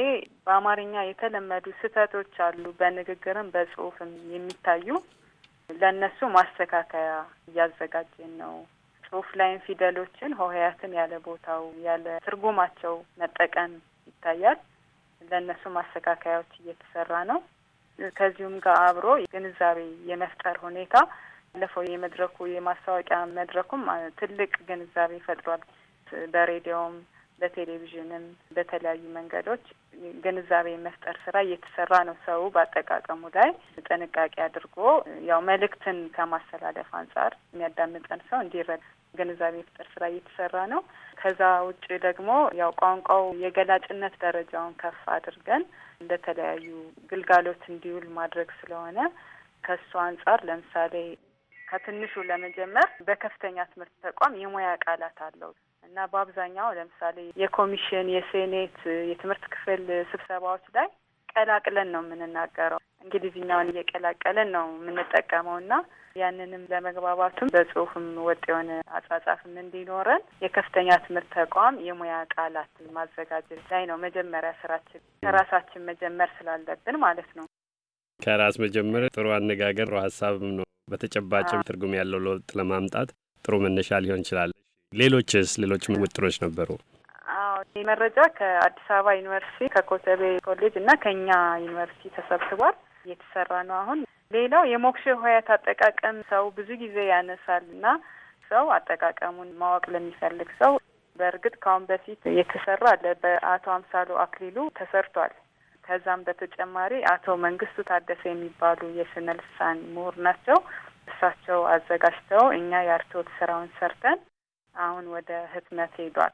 በአማርኛ የተለመዱ ስህተቶች አሉ፣ በንግግርም በጽሁፍም የሚታዩ ለእነሱ ማስተካከያ እያዘጋጀን ነው። ጽሁፍ ላይም ፊደሎችን ሆሄያትን ያለ ቦታው ያለ ትርጉማቸው መጠቀም ይታያል። ለእነሱ ማስተካከያዎች እየተሰራ ነው። ከዚሁም ጋር አብሮ ግንዛቤ የመፍጠር ሁኔታ ባለፈው የመድረኩ የማስታወቂያ መድረኩም ትልቅ ግንዛቤ ፈጥሯል። በሬዲዮም በቴሌቪዥንም በተለያዩ መንገዶች ግንዛቤ መፍጠር ስራ እየተሰራ ነው። ሰው በአጠቃቀሙ ላይ ጥንቃቄ አድርጎ ያው መልእክትን ከማስተላለፍ አንጻር የሚያዳምጠን ሰው እንዲረዳ ግንዛቤ መፍጠር ስራ እየተሰራ ነው። ከዛ ውጭ ደግሞ ያው ቋንቋው የገላጭነት ደረጃውን ከፍ አድርገን ለተለያዩ ግልጋሎት እንዲውል ማድረግ ስለሆነ ከሱ አንጻር ለምሳሌ ከትንሹ ለመጀመር በከፍተኛ ትምህርት ተቋም የሙያ ቃላት አለው እና በአብዛኛው ለምሳሌ የኮሚሽን፣ የሴኔት፣ የትምህርት ክፍል ስብሰባዎች ላይ ቀላቅለን ነው የምንናገረው። እንግሊዝኛውን እየቀላቀለን ነው የምንጠቀመው እና ያንንም ለመግባባቱም በጽሁፍም ወጥ የሆነ አጻጻፍም እንዲኖረን የከፍተኛ ትምህርት ተቋም የሙያ ቃላት ማዘጋጀት ላይ ነው መጀመሪያ ስራችን። ከራሳችን መጀመር ስላለብን ማለት ነው። ከራስ መጀመር ጥሩ አነጋገር፣ ጥሩ ሀሳብም ነው። በተጨባጭም ትርጉም ያለው ለውጥ ለማምጣት ጥሩ መነሻ ሊሆን ይችላል። ሌሎችስ ሌሎች ውጥሮች ነበሩ? ይህ መረጃ ከአዲስ አበባ ዩኒቨርሲቲ ከኮተቤ ኮሌጅ እና ከኛ ዩኒቨርሲቲ ተሰብስቧል፣ እየተሰራ ነው። አሁን ሌላው የሞክሼ ሆያት አጠቃቀም ሰው ብዙ ጊዜ ያነሳል እና ሰው አጠቃቀሙን ማወቅ ለሚፈልግ ሰው በእርግጥ ከአሁን በፊት የተሰራ አለ። በአቶ አምሳሉ አክሊሉ ተሰርቷል። ከዛም በተጨማሪ አቶ መንግስቱ ታደሰ የሚባሉ የስነ ልሳን ምሁር ናቸው። እሳቸው አዘጋጅተው እኛ የአርቶት ስራውን ሰርተን አሁን ወደ ህትመት ሄዷል።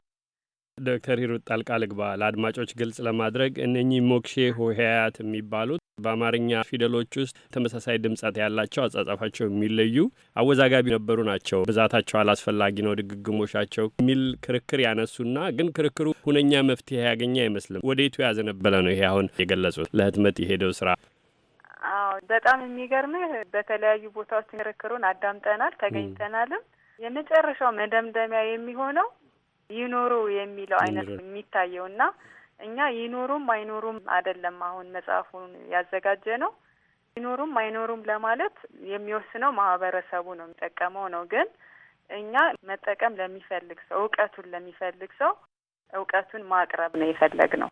ዶክተር ሂሩት ጣልቃ ልግባ ለአድማጮች ግልጽ ለማድረግ እነኚህ ሞክሼ ሆሄያት የሚባሉት በአማርኛ ፊደሎች ውስጥ ተመሳሳይ ድምጻት ያላቸው አጻጻፋቸው የሚለዩ አወዛጋቢ ነበሩ ናቸው። ብዛታቸው አላስፈላጊ ነው፣ ድግግሞሻቸው የሚል ክርክር ያነሱና ግን ክርክሩ ሁነኛ መፍትሄ ያገኘ አይመስልም። ወዴቱ ያዘነበለ ነው። ይሄ አሁን የገለጹት ለህትመት የሄደው ስራ አዎ፣ በጣም የሚገርምህ በተለያዩ ቦታዎች ክርክሩን አዳምጠናል፣ ተገኝተናልም የመጨረሻው መደምደሚያ የሚሆነው ይኖሩ የሚለው አይነት የሚታየው እና እኛ ይኖሩም አይኖሩም አይደለም አሁን መጽሐፉን ያዘጋጀ ነው። ይኖሩም አይኖሩም ለማለት የሚወስነው ማህበረሰቡ ነው የሚጠቀመው ነው። ግን እኛ መጠቀም ለሚፈልግ ሰው እውቀቱን ለሚፈልግ ሰው እውቀቱን ማቅረብ ነው የፈለግ ነው።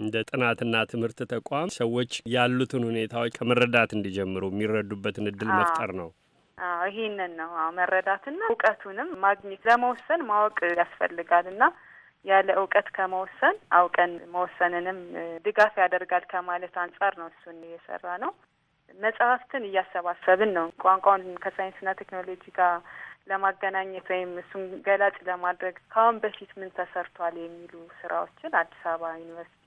እንደ ጥናትና ትምህርት ተቋም ሰዎች ያሉትን ሁኔታዎች ከመረዳት እንዲጀምሩ የሚረዱበትን እድል መፍጠር ነው። ነው። ይሄንን ነው መረዳትና እውቀቱንም ማግኘት ለመወሰን ማወቅ ያስፈልጋል እና ያለ እውቀት ከመወሰን አውቀን መወሰንንም ድጋፍ ያደርጋል ከማለት አንጻር ነው እሱን የሰራ ነው። መጽሐፍትን እያሰባሰብን ነው ቋንቋውን ከሳይንስና ቴክኖሎጂ ጋር ለማገናኘት ወይም እሱን ገላጭ ለማድረግ ከአሁን በፊት ምን ተሰርቷል የሚሉ ስራዎችን አዲስ አበባ ዩኒቨርሲቲ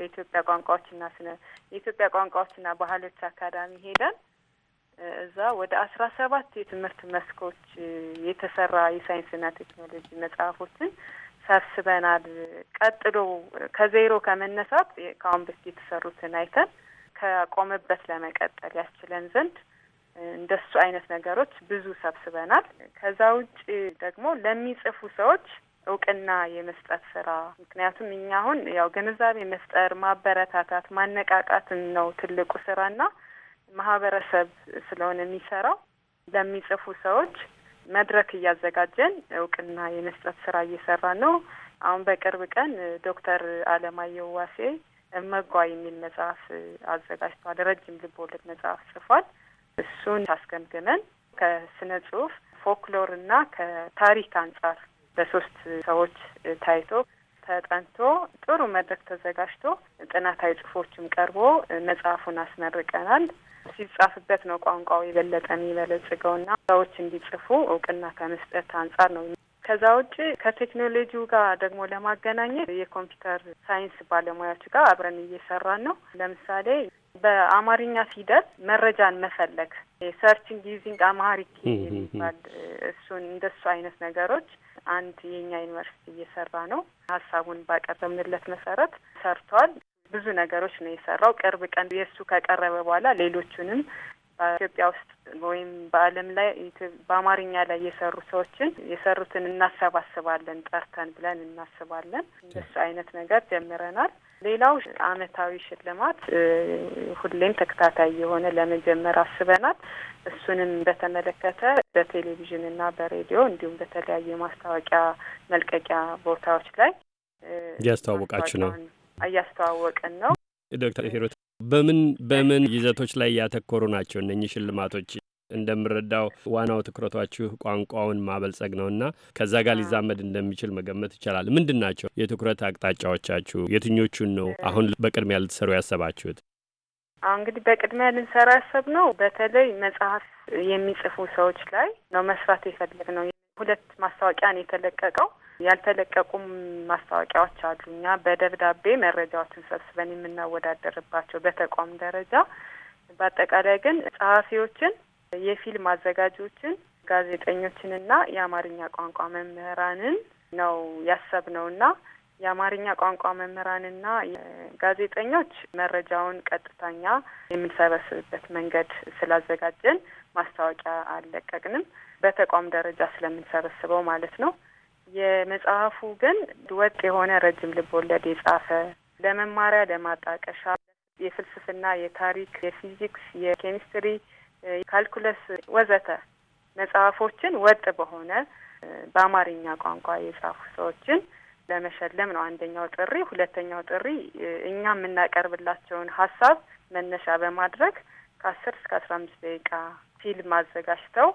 የኢትዮጵያ ቋንቋዎችና ስነ የኢትዮጵያ ቋንቋዎችና ባህሎች አካዳሚ ሄደን እዛ ወደ አስራ ሰባት የትምህርት መስኮች የተሰራ የሳይንስና ቴክኖሎጂ መጽሐፎችን ሰብስበናል። ቀጥሎ ከዜሮ ከመነሳት ከአሁን በፊት የተሰሩትን አይተን ከቆመበት ለመቀጠል ያስችለን ዘንድ እንደሱ አይነት ነገሮች ብዙ ሰብስበናል። ከዛ ውጭ ደግሞ ለሚጽፉ ሰዎች እውቅና የመስጠት ስራ ምክንያቱም እኛ አሁን ያው ግንዛቤ መፍጠር፣ ማበረታታት፣ ማነቃቃትን ነው ትልቁ ስራና ማህበረሰብ ስለሆነ የሚሰራው ለሚጽፉ ሰዎች መድረክ እያዘጋጀን እውቅና የመስጠት ስራ እየሰራ ነው። አሁን በቅርብ ቀን ዶክተር አለማየሁ ዋሴ እመጓ የሚል መጽሐፍ አዘጋጅቷል። ረጅም ልቦለድ መጽሐፍ ጽፏል። እሱን ታስገምግመን ከስነ ጽሁፍ ፎክሎር እና ከታሪክ አንጻር በሶስት ሰዎች ታይቶ ተጠንቶ ጥሩ መድረክ ተዘጋጅቶ ጥናታዊ ጽሁፎችም ቀርቦ መጽሐፉን አስመርቀናል። ሲጻፍበት ነው ቋንቋው የበለጠ የሚበለጽገው ና ሰዎች እንዲጽፉ እውቅና ከመስጠት አንጻር ነው። ከዛ ውጭ ከቴክኖሎጂው ጋር ደግሞ ለማገናኘት የኮምፒውተር ሳይንስ ባለሙያዎች ጋር አብረን እየሰራን ነው። ለምሳሌ በአማርኛ ፊደል መረጃን መፈለግ ሰርችንግ ዩዚንግ አማሪክ የሚባል እሱን እንደሱ አይነት ነገሮች አንድ የኛ ዩኒቨርሲቲ እየሰራ ነው። ሀሳቡን ባቀረብንለት መሰረት ሰርቷል። ብዙ ነገሮች ነው የሰራው። ቅርብ ቀን የእሱ ከቀረበ በኋላ ሌሎቹንም በኢትዮጵያ ውስጥ ወይም በዓለም ላይ በአማርኛ ላይ የሰሩ ሰዎችን የሰሩትን እናሰባስባለን ጠርተን ብለን እናስባለን። እንደሱ አይነት ነገር ጀምረናል። ሌላው አመታዊ ሽልማት ሁሌም ተከታታይ የሆነ ለመጀመር አስበናል። እሱንም በተመለከተ በቴሌቪዥን እና በሬዲዮ እንዲሁም በተለያዩ የማስታወቂያ መልቀቂያ ቦታዎች ላይ እያስተዋወቃችሁ ነው እያስተዋወቅን ነው። ዶክተር ሂሩት በምን በምን ይዘቶች ላይ ያተኮሩ ናቸው እነኚህ ሽልማቶች? እንደምረዳው ዋናው ትኩረቷችሁ ቋንቋውን ማበልጸግ ነውና ከዛ ጋር ሊዛመድ እንደሚችል መገመት ይቻላል። ምንድን ናቸው የትኩረት አቅጣጫዎቻችሁ? የትኞቹን ነው አሁን በቅድሚያ ልትሰሩ ያሰባችሁት? እንግዲህ በቅድሚያ ልንሰራ ያሰብነው በተለይ መጽሐፍ የሚጽፉ ሰዎች ላይ ነው መስራት የፈለግነው። ሁለት ማስታወቂያ ነው የተለቀቀው። ያልተለቀቁም ማስታወቂያዎች አሉ። እኛ በደብዳቤ መረጃዎችን ሰብስበን የምናወዳደርባቸው በተቋም ደረጃ። በአጠቃላይ ግን ጸሐፊዎችን፣ የፊልም አዘጋጆችን፣ ጋዜጠኞችንና የአማርኛ ቋንቋ መምህራንን ነው ያሰብነውና የአማርኛ ቋንቋ መምህራንና ጋዜጠኞች መረጃውን ቀጥታኛ የምንሰበስብበት መንገድ ስላዘጋጀን ማስታወቂያ አልለቀቅንም። በተቋም ደረጃ ስለምንሰበስበው ማለት ነው። የመጽሐፉ ግን ወጥ የሆነ ረጅም ልብ ወለድ የጻፈ ለመማሪያ ለማጣቀሻ የፍልስፍና፣ የታሪክ፣ የፊዚክስ፣ የኬሚስትሪ፣ ካልኩለስ ወዘተ መጽሐፎችን ወጥ በሆነ በአማርኛ ቋንቋ የጻፉ ሰዎችን ለመሸለም ነው አንደኛው ጥሪ። ሁለተኛው ጥሪ እኛ የምናቀርብላቸውን ሀሳብ መነሻ በማድረግ ከአስር እስከ አስራ አምስት ደቂቃ ፊልም አዘጋጅተው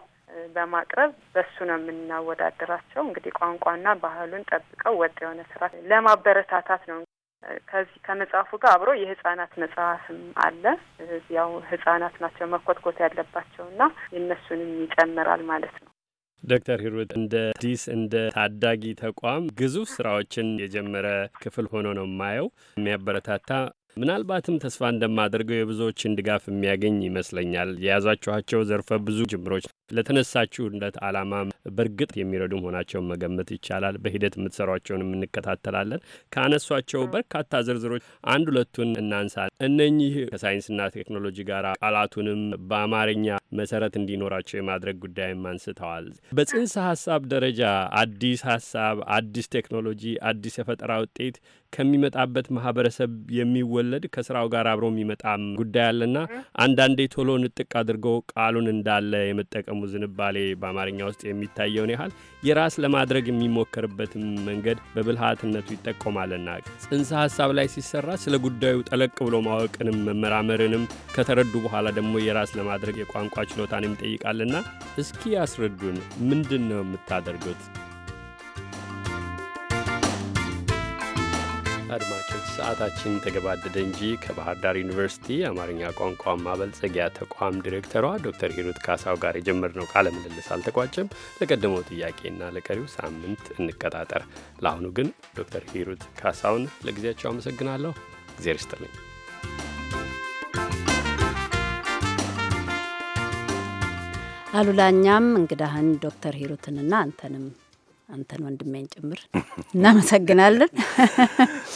በማቅረብ በሱ ነው የምናወዳደራቸው። እንግዲህ ቋንቋና ባህሉን ጠብቀው ወጥ የሆነ ስራ ለማበረታታት ነው። ከዚህ ከመጽሐፉ ጋር አብሮ የህጻናት መጽሐፍም አለ። ያው ህጻናት ናቸው መኮትኮት ያለባቸውና የነሱንም ይጨምራል ማለት ነው። ዶክተር ሂሩት እንደ አዲስ እንደ ታዳጊ ተቋም ግዙፍ ስራዎችን የጀመረ ክፍል ሆኖ ነው የማየው። የሚያበረታታ ምናልባትም ተስፋ እንደማደርገው የብዙዎችን ድጋፍ የሚያገኝ ይመስለኛል። የያዟችኋቸው ዘርፈ ብዙ ጅምሮች ለተነሳችሁለት ዓላማ በእርግጥ የሚረዱ መሆናቸውን መገመት ይቻላል። በሂደት የምትሰሯቸውን እንከታተላለን። ካነሷቸው በርካታ ዝርዝሮች አንድ ሁለቱን እናንሳ። እነኚህ ከሳይንስና ቴክኖሎጂ ጋር ቃላቱንም በአማርኛ መሰረት እንዲኖራቸው የማድረግ ጉዳይም አንስተዋል። በጽንሰ ሀሳብ ደረጃ አዲስ ሀሳብ፣ አዲስ ቴክኖሎጂ፣ አዲስ የፈጠራ ውጤት ከሚመጣበት ማህበረሰብ የሚወለድ ከስራው ጋር አብሮ የሚመጣም ጉዳይ አለና አንዳንዴ ቶሎ ንጥቅ አድርገው ቃሉን እንዳለ የመጠቀሙ የትርጉሙ ዝንባሌ በአማርኛ ውስጥ የሚታየውን ያህል የራስ ለማድረግ የሚሞከርበትን መንገድ በብልሃትነቱ ይጠቆማልና ጽንሰ ሀሳብ ላይ ሲሰራ ስለ ጉዳዩ ጠለቅ ብሎ ማወቅንም መመራመርንም ከተረዱ በኋላ ደግሞ የራስ ለማድረግ የቋንቋ ችሎታንም ይጠይቃልና እስኪ ያስረዱን ምንድን ነው የምታደርጉት? አድማጮች ሰዓታችን ተገባደደ እንጂ ከባህር ዳር ዩኒቨርሲቲ የአማርኛ ቋንቋ ማበልጸጊያ ተቋም ዲሬክተሯ ዶክተር ሂሩት ካሳው ጋር የጀመርነው ቃለ ምልልስ አልተቋጨም። ለቀደመው ጥያቄና ለቀሪው ሳምንት እንቀጣጠር። ለአሁኑ ግን ዶክተር ሂሩት ካሳውን ለጊዜያቸው አመሰግናለሁ። እግዜር ይስጥልኝ። አሉላኛም እንግዳህን ዶክተር ሂሩትንና አንተንም አንተን ወንድሜን ጭምር እናመሰግናለን።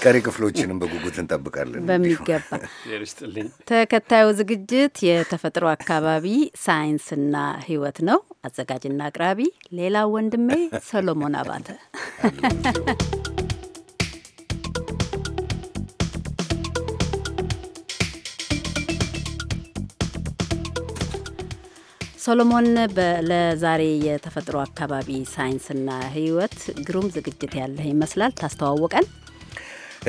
ቀሪ ክፍሎችንም በጉጉት እንጠብቃለን በሚገባ። ተከታዩ ዝግጅት የተፈጥሮ አካባቢ ሳይንስና ሕይወት ነው። አዘጋጅና አቅራቢ ሌላ ወንድሜ ሰሎሞን አባተ ሶሎሞን ለዛሬ የተፈጥሮ አካባቢ ሳይንስና ህይወት ግሩም ዝግጅት ያለህ ይመስላል። ታስተዋወቀን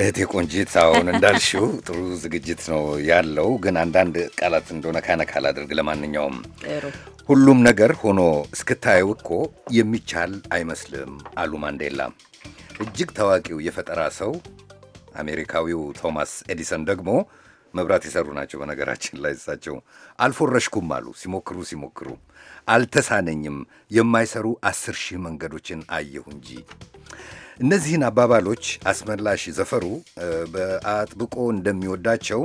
እህቴ ቆንጂት። አሁን እንዳልሽው ጥሩ ዝግጅት ነው ያለው፣ ግን አንዳንድ ቃላት እንደሆነ ካነካ ላድርግ። ለማንኛውም ሁሉም ነገር ሆኖ እስክታየው እኮ የሚቻል አይመስልም አሉ ማንዴላ። እጅግ ታዋቂው የፈጠራ ሰው አሜሪካዊው ቶማስ ኤዲሰን ደግሞ መብራት የሰሩ ናቸው። በነገራችን ላይ እሳቸው አልፎረሽኩም አሉ ሲሞክሩ ሲሞክሩ አልተሳነኝም፣ የማይሰሩ አስር ሺህ መንገዶችን አየሁ እንጂ። እነዚህን አባባሎች አስመላሽ ዘፈሩ በአጥብቆ እንደሚወዳቸው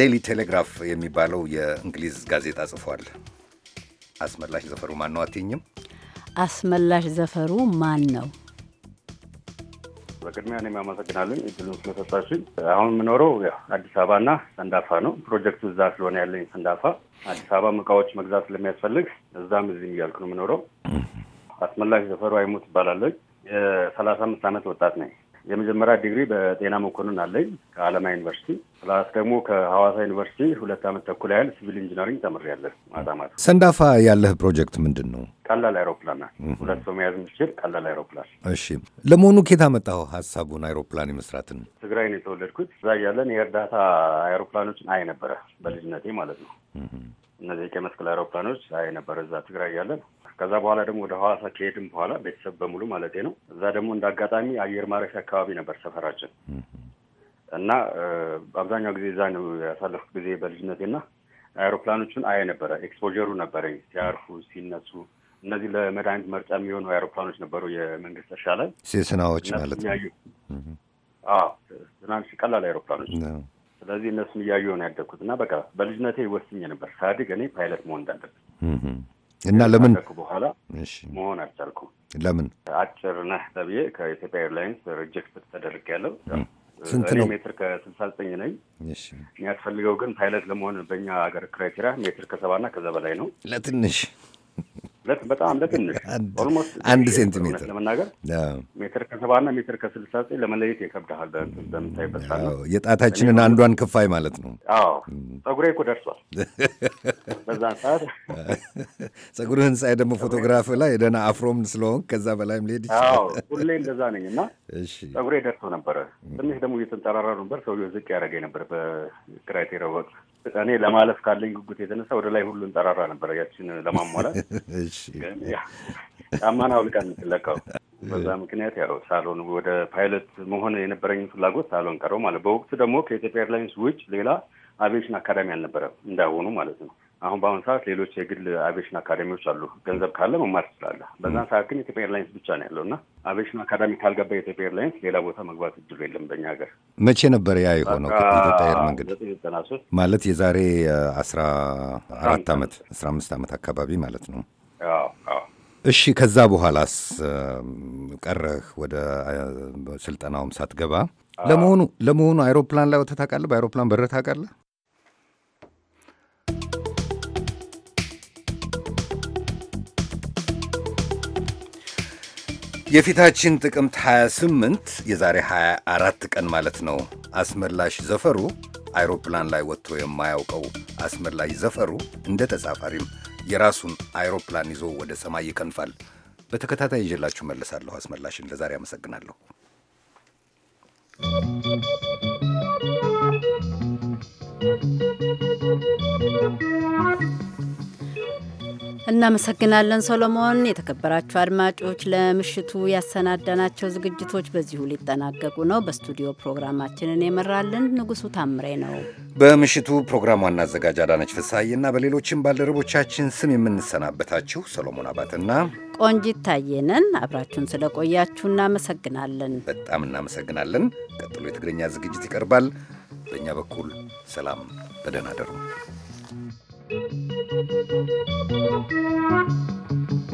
ዴይሊ ቴሌግራፍ የሚባለው የእንግሊዝ ጋዜጣ ጽፏል። አስመላሽ ዘፈሩ ማን ነው አትኝም? አስመላሽ ዘፈሩ ማን ነው? በቅድሚያ እኔም አመሰግናለኝ እድሉን ስለሰጣችኝ። አሁን የምኖረው አዲስ አበባ አበባና ሰንዳፋ ነው። ፕሮጀክቱ እዛ ስለሆነ ያለኝ ሰንዳፋ። አዲስ አበባ እቃዎች መግዛት ስለሚያስፈልግ እዛም እዚህም እያልኩ ነው የምኖረው። አስመላሽ ዘፈሩ አይሙት ይባላለኝ። የሰላሳ አምስት አመት ወጣት ነኝ። የመጀመሪያ ዲግሪ በጤና መኮንን አለኝ ከአለማ ዩኒቨርሲቲ ፕላስ ደግሞ ከሐዋሳ ዩኒቨርሲቲ ሁለት ዓመት ተኩል ያህል ሲቪል ኢንጂነሪንግ ተምሬያለሁ። ማታማት ሰንዳፋ ያለህ ፕሮጀክት ምንድን ነው? ቀላል አይሮፕላን ሁለት ሰው መያዝ የምትችል ቀላል አይሮፕላን። እሺ፣ ለመሆኑ ኬት አመጣኸው ሀሳቡን አይሮፕላን የመስራትን? ትግራይ ነው የተወለድኩት። እዛ እያለን የእርዳታ አይሮፕላኖችን አይ ነበረ፣ በልጅነቴ ማለት ነው። እነዚህ የቀይ መስቀል አይሮፕላኖች አይ ነበረ እዛ ትግራይ እያለን ከዛ በኋላ ደግሞ ወደ ሐዋሳ ከሄድም በኋላ ቤተሰብ በሙሉ ማለቴ ነው። እዛ ደግሞ እንደ አጋጣሚ አየር ማረፊያ አካባቢ ነበር ሰፈራችን እና አብዛኛው ጊዜ እዛ ነው ያሳለፍኩት ጊዜ በልጅነቴና አውሮፕላኖቹን አየ ነበረ። ኤክስፖጀሩ ነበረኝ ሲያርፉ፣ ሲነሱ እነዚህ ለመድኃኒት መርጫ የሚሆኑ አይሮፕላኖች ነበሩ። የመንግስት እርሻ ላይ ሴስናዎች ማለት ነው። ትናንሽ ቀላል አይሮፕላኖች። ስለዚህ እነሱን እያዩ ነው ያደግኩት እና በቃ በልጅነቴ ወስኜ ነበር ሳድግ እኔ ፓይለት መሆን እንዳለብኝ እና ለምን በኋላ መሆን አልቻልኩም። ለምን አጭር ነህ ተብዬ ከኢትዮጵያ ኤርላይንስ ሪጀክት ተደርጌያለሁ። ስንት ነው? ሜትር ከስልሳ ዘጠኝ ነኝ። የሚያስፈልገው ግን ፓይለት ለመሆን በእኛ ሀገር ክራይቴሪያ ሜትር ከሰባና ከዛ በላይ ነው። ለትንሽ በጣም ለትንሽ [LAUGHS] አንድ ሴንቲሜትር ለመናገር ሜትር ከሰባና ሜትር ከስልሳ ዘጠኝ ለመለየት የከብድሃል። በምታይበት የጣታችንን አንዷን ክፋይ ማለት ነው። አዎ ጸጉሬ እኮ ደርሷል [LAUGHS] በዛን ሰዓት። ጸጉር [LAUGHS] ሳይ ደግሞ ፎቶግራፍ ላይ ደህና አፍሮም ስለሆን ከዛ በላይም ሊሄድ ይችላል። ሁሌ እንደዛ ነኝ እና ጸጉሬ ደርሶ ነበረ። ትንሽ ደግሞ እየተንጠራራ ነበር ሰውዬው ዝቅ ያደረገ ነበር በክራይቴሪያ ወቅት እኔ ለማለፍ ካለኝ ጉጉት የተነሳ ወደ ላይ ሁሉን ጠራራ ነበረ ያችን ለማሟላት [LAUGHS] ጫማን አውልቃ የምትለካው። በዛ ምክንያት ያው ሳሎን ወደ ፓይለት መሆን የነበረኝ ፍላጎት ሳሎን ቀረው ማለት። በወቅቱ ደግሞ ከኢትዮጵያ ኤርላይንስ ውጭ ሌላ አቪዬሽን አካዳሚ አልነበረም እንዳይሆኑ ማለት ነው። አሁን በአሁኑ ሰዓት ሌሎች የግል አቪዬሽን አካዳሚዎች አሉ። ገንዘብ ካለ መማር ትችላለህ። በዛን ሰዓት ግን ኢትዮጵያ ኤርላይንስ ብቻ ነው ያለው እና አቪዬሽን አካዳሚ ካልገባ የኢትዮጵያ ኤርላይንስ ሌላ ቦታ መግባት እድሉ የለም። በእኛ ሀገር መቼ ነበር ያ የሆነው? ኢትዮጵያ አየር መንገድ ማለት የዛሬ አስራ አራት ዓመት አስራ አምስት ዓመት አካባቢ ማለት ነው። እሺ ከዛ በኋላስ ቀረህ? ወደ ስልጠናውም ሳትገባ ለመሆኑ ለመሆኑ አይሮፕላን ላይ ወተህ ታውቃለህ? በአይሮፕላን በረህ ታውቃለህ? የፊታችን ጥቅምት 28 የዛሬ 24 ቀን ማለት ነው። አስመላሽ ዘፈሩ አይሮፕላን ላይ ወጥቶ የማያውቀው አስመላሽ ዘፈሩ እንደ ተሳፋሪም የራሱን አይሮፕላን ይዞ ወደ ሰማይ ይቀንፋል። በተከታታይ ይዤላችሁ መለሳለሁ። አስመላሽን ለዛሬ አመሰግናለሁ። እናመሰግናለን ሰሎሞን። የተከበራችሁ አድማጮች ለምሽቱ ያሰናዳናቸው ዝግጅቶች በዚሁ ሊጠናቀቁ ነው። በስቱዲዮ ፕሮግራማችንን የመራልን ንጉሱ ታምሬ ነው። በምሽቱ ፕሮግራም ዋና አዘጋጅ አዳነች ፍስሐዬና በሌሎችም ባልደረቦቻችን ስም የምንሰናበታችሁ ሰሎሞን አባትና ቆንጂት ታየነን አብራችሁን ስለቆያችሁ እናመሰግናለን። በጣም እናመሰግናለን። ቀጥሎ የትግርኛ ዝግጅት ይቀርባል። በእኛ በኩል ሰላም፣ በደህና አደሩ።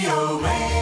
VOA.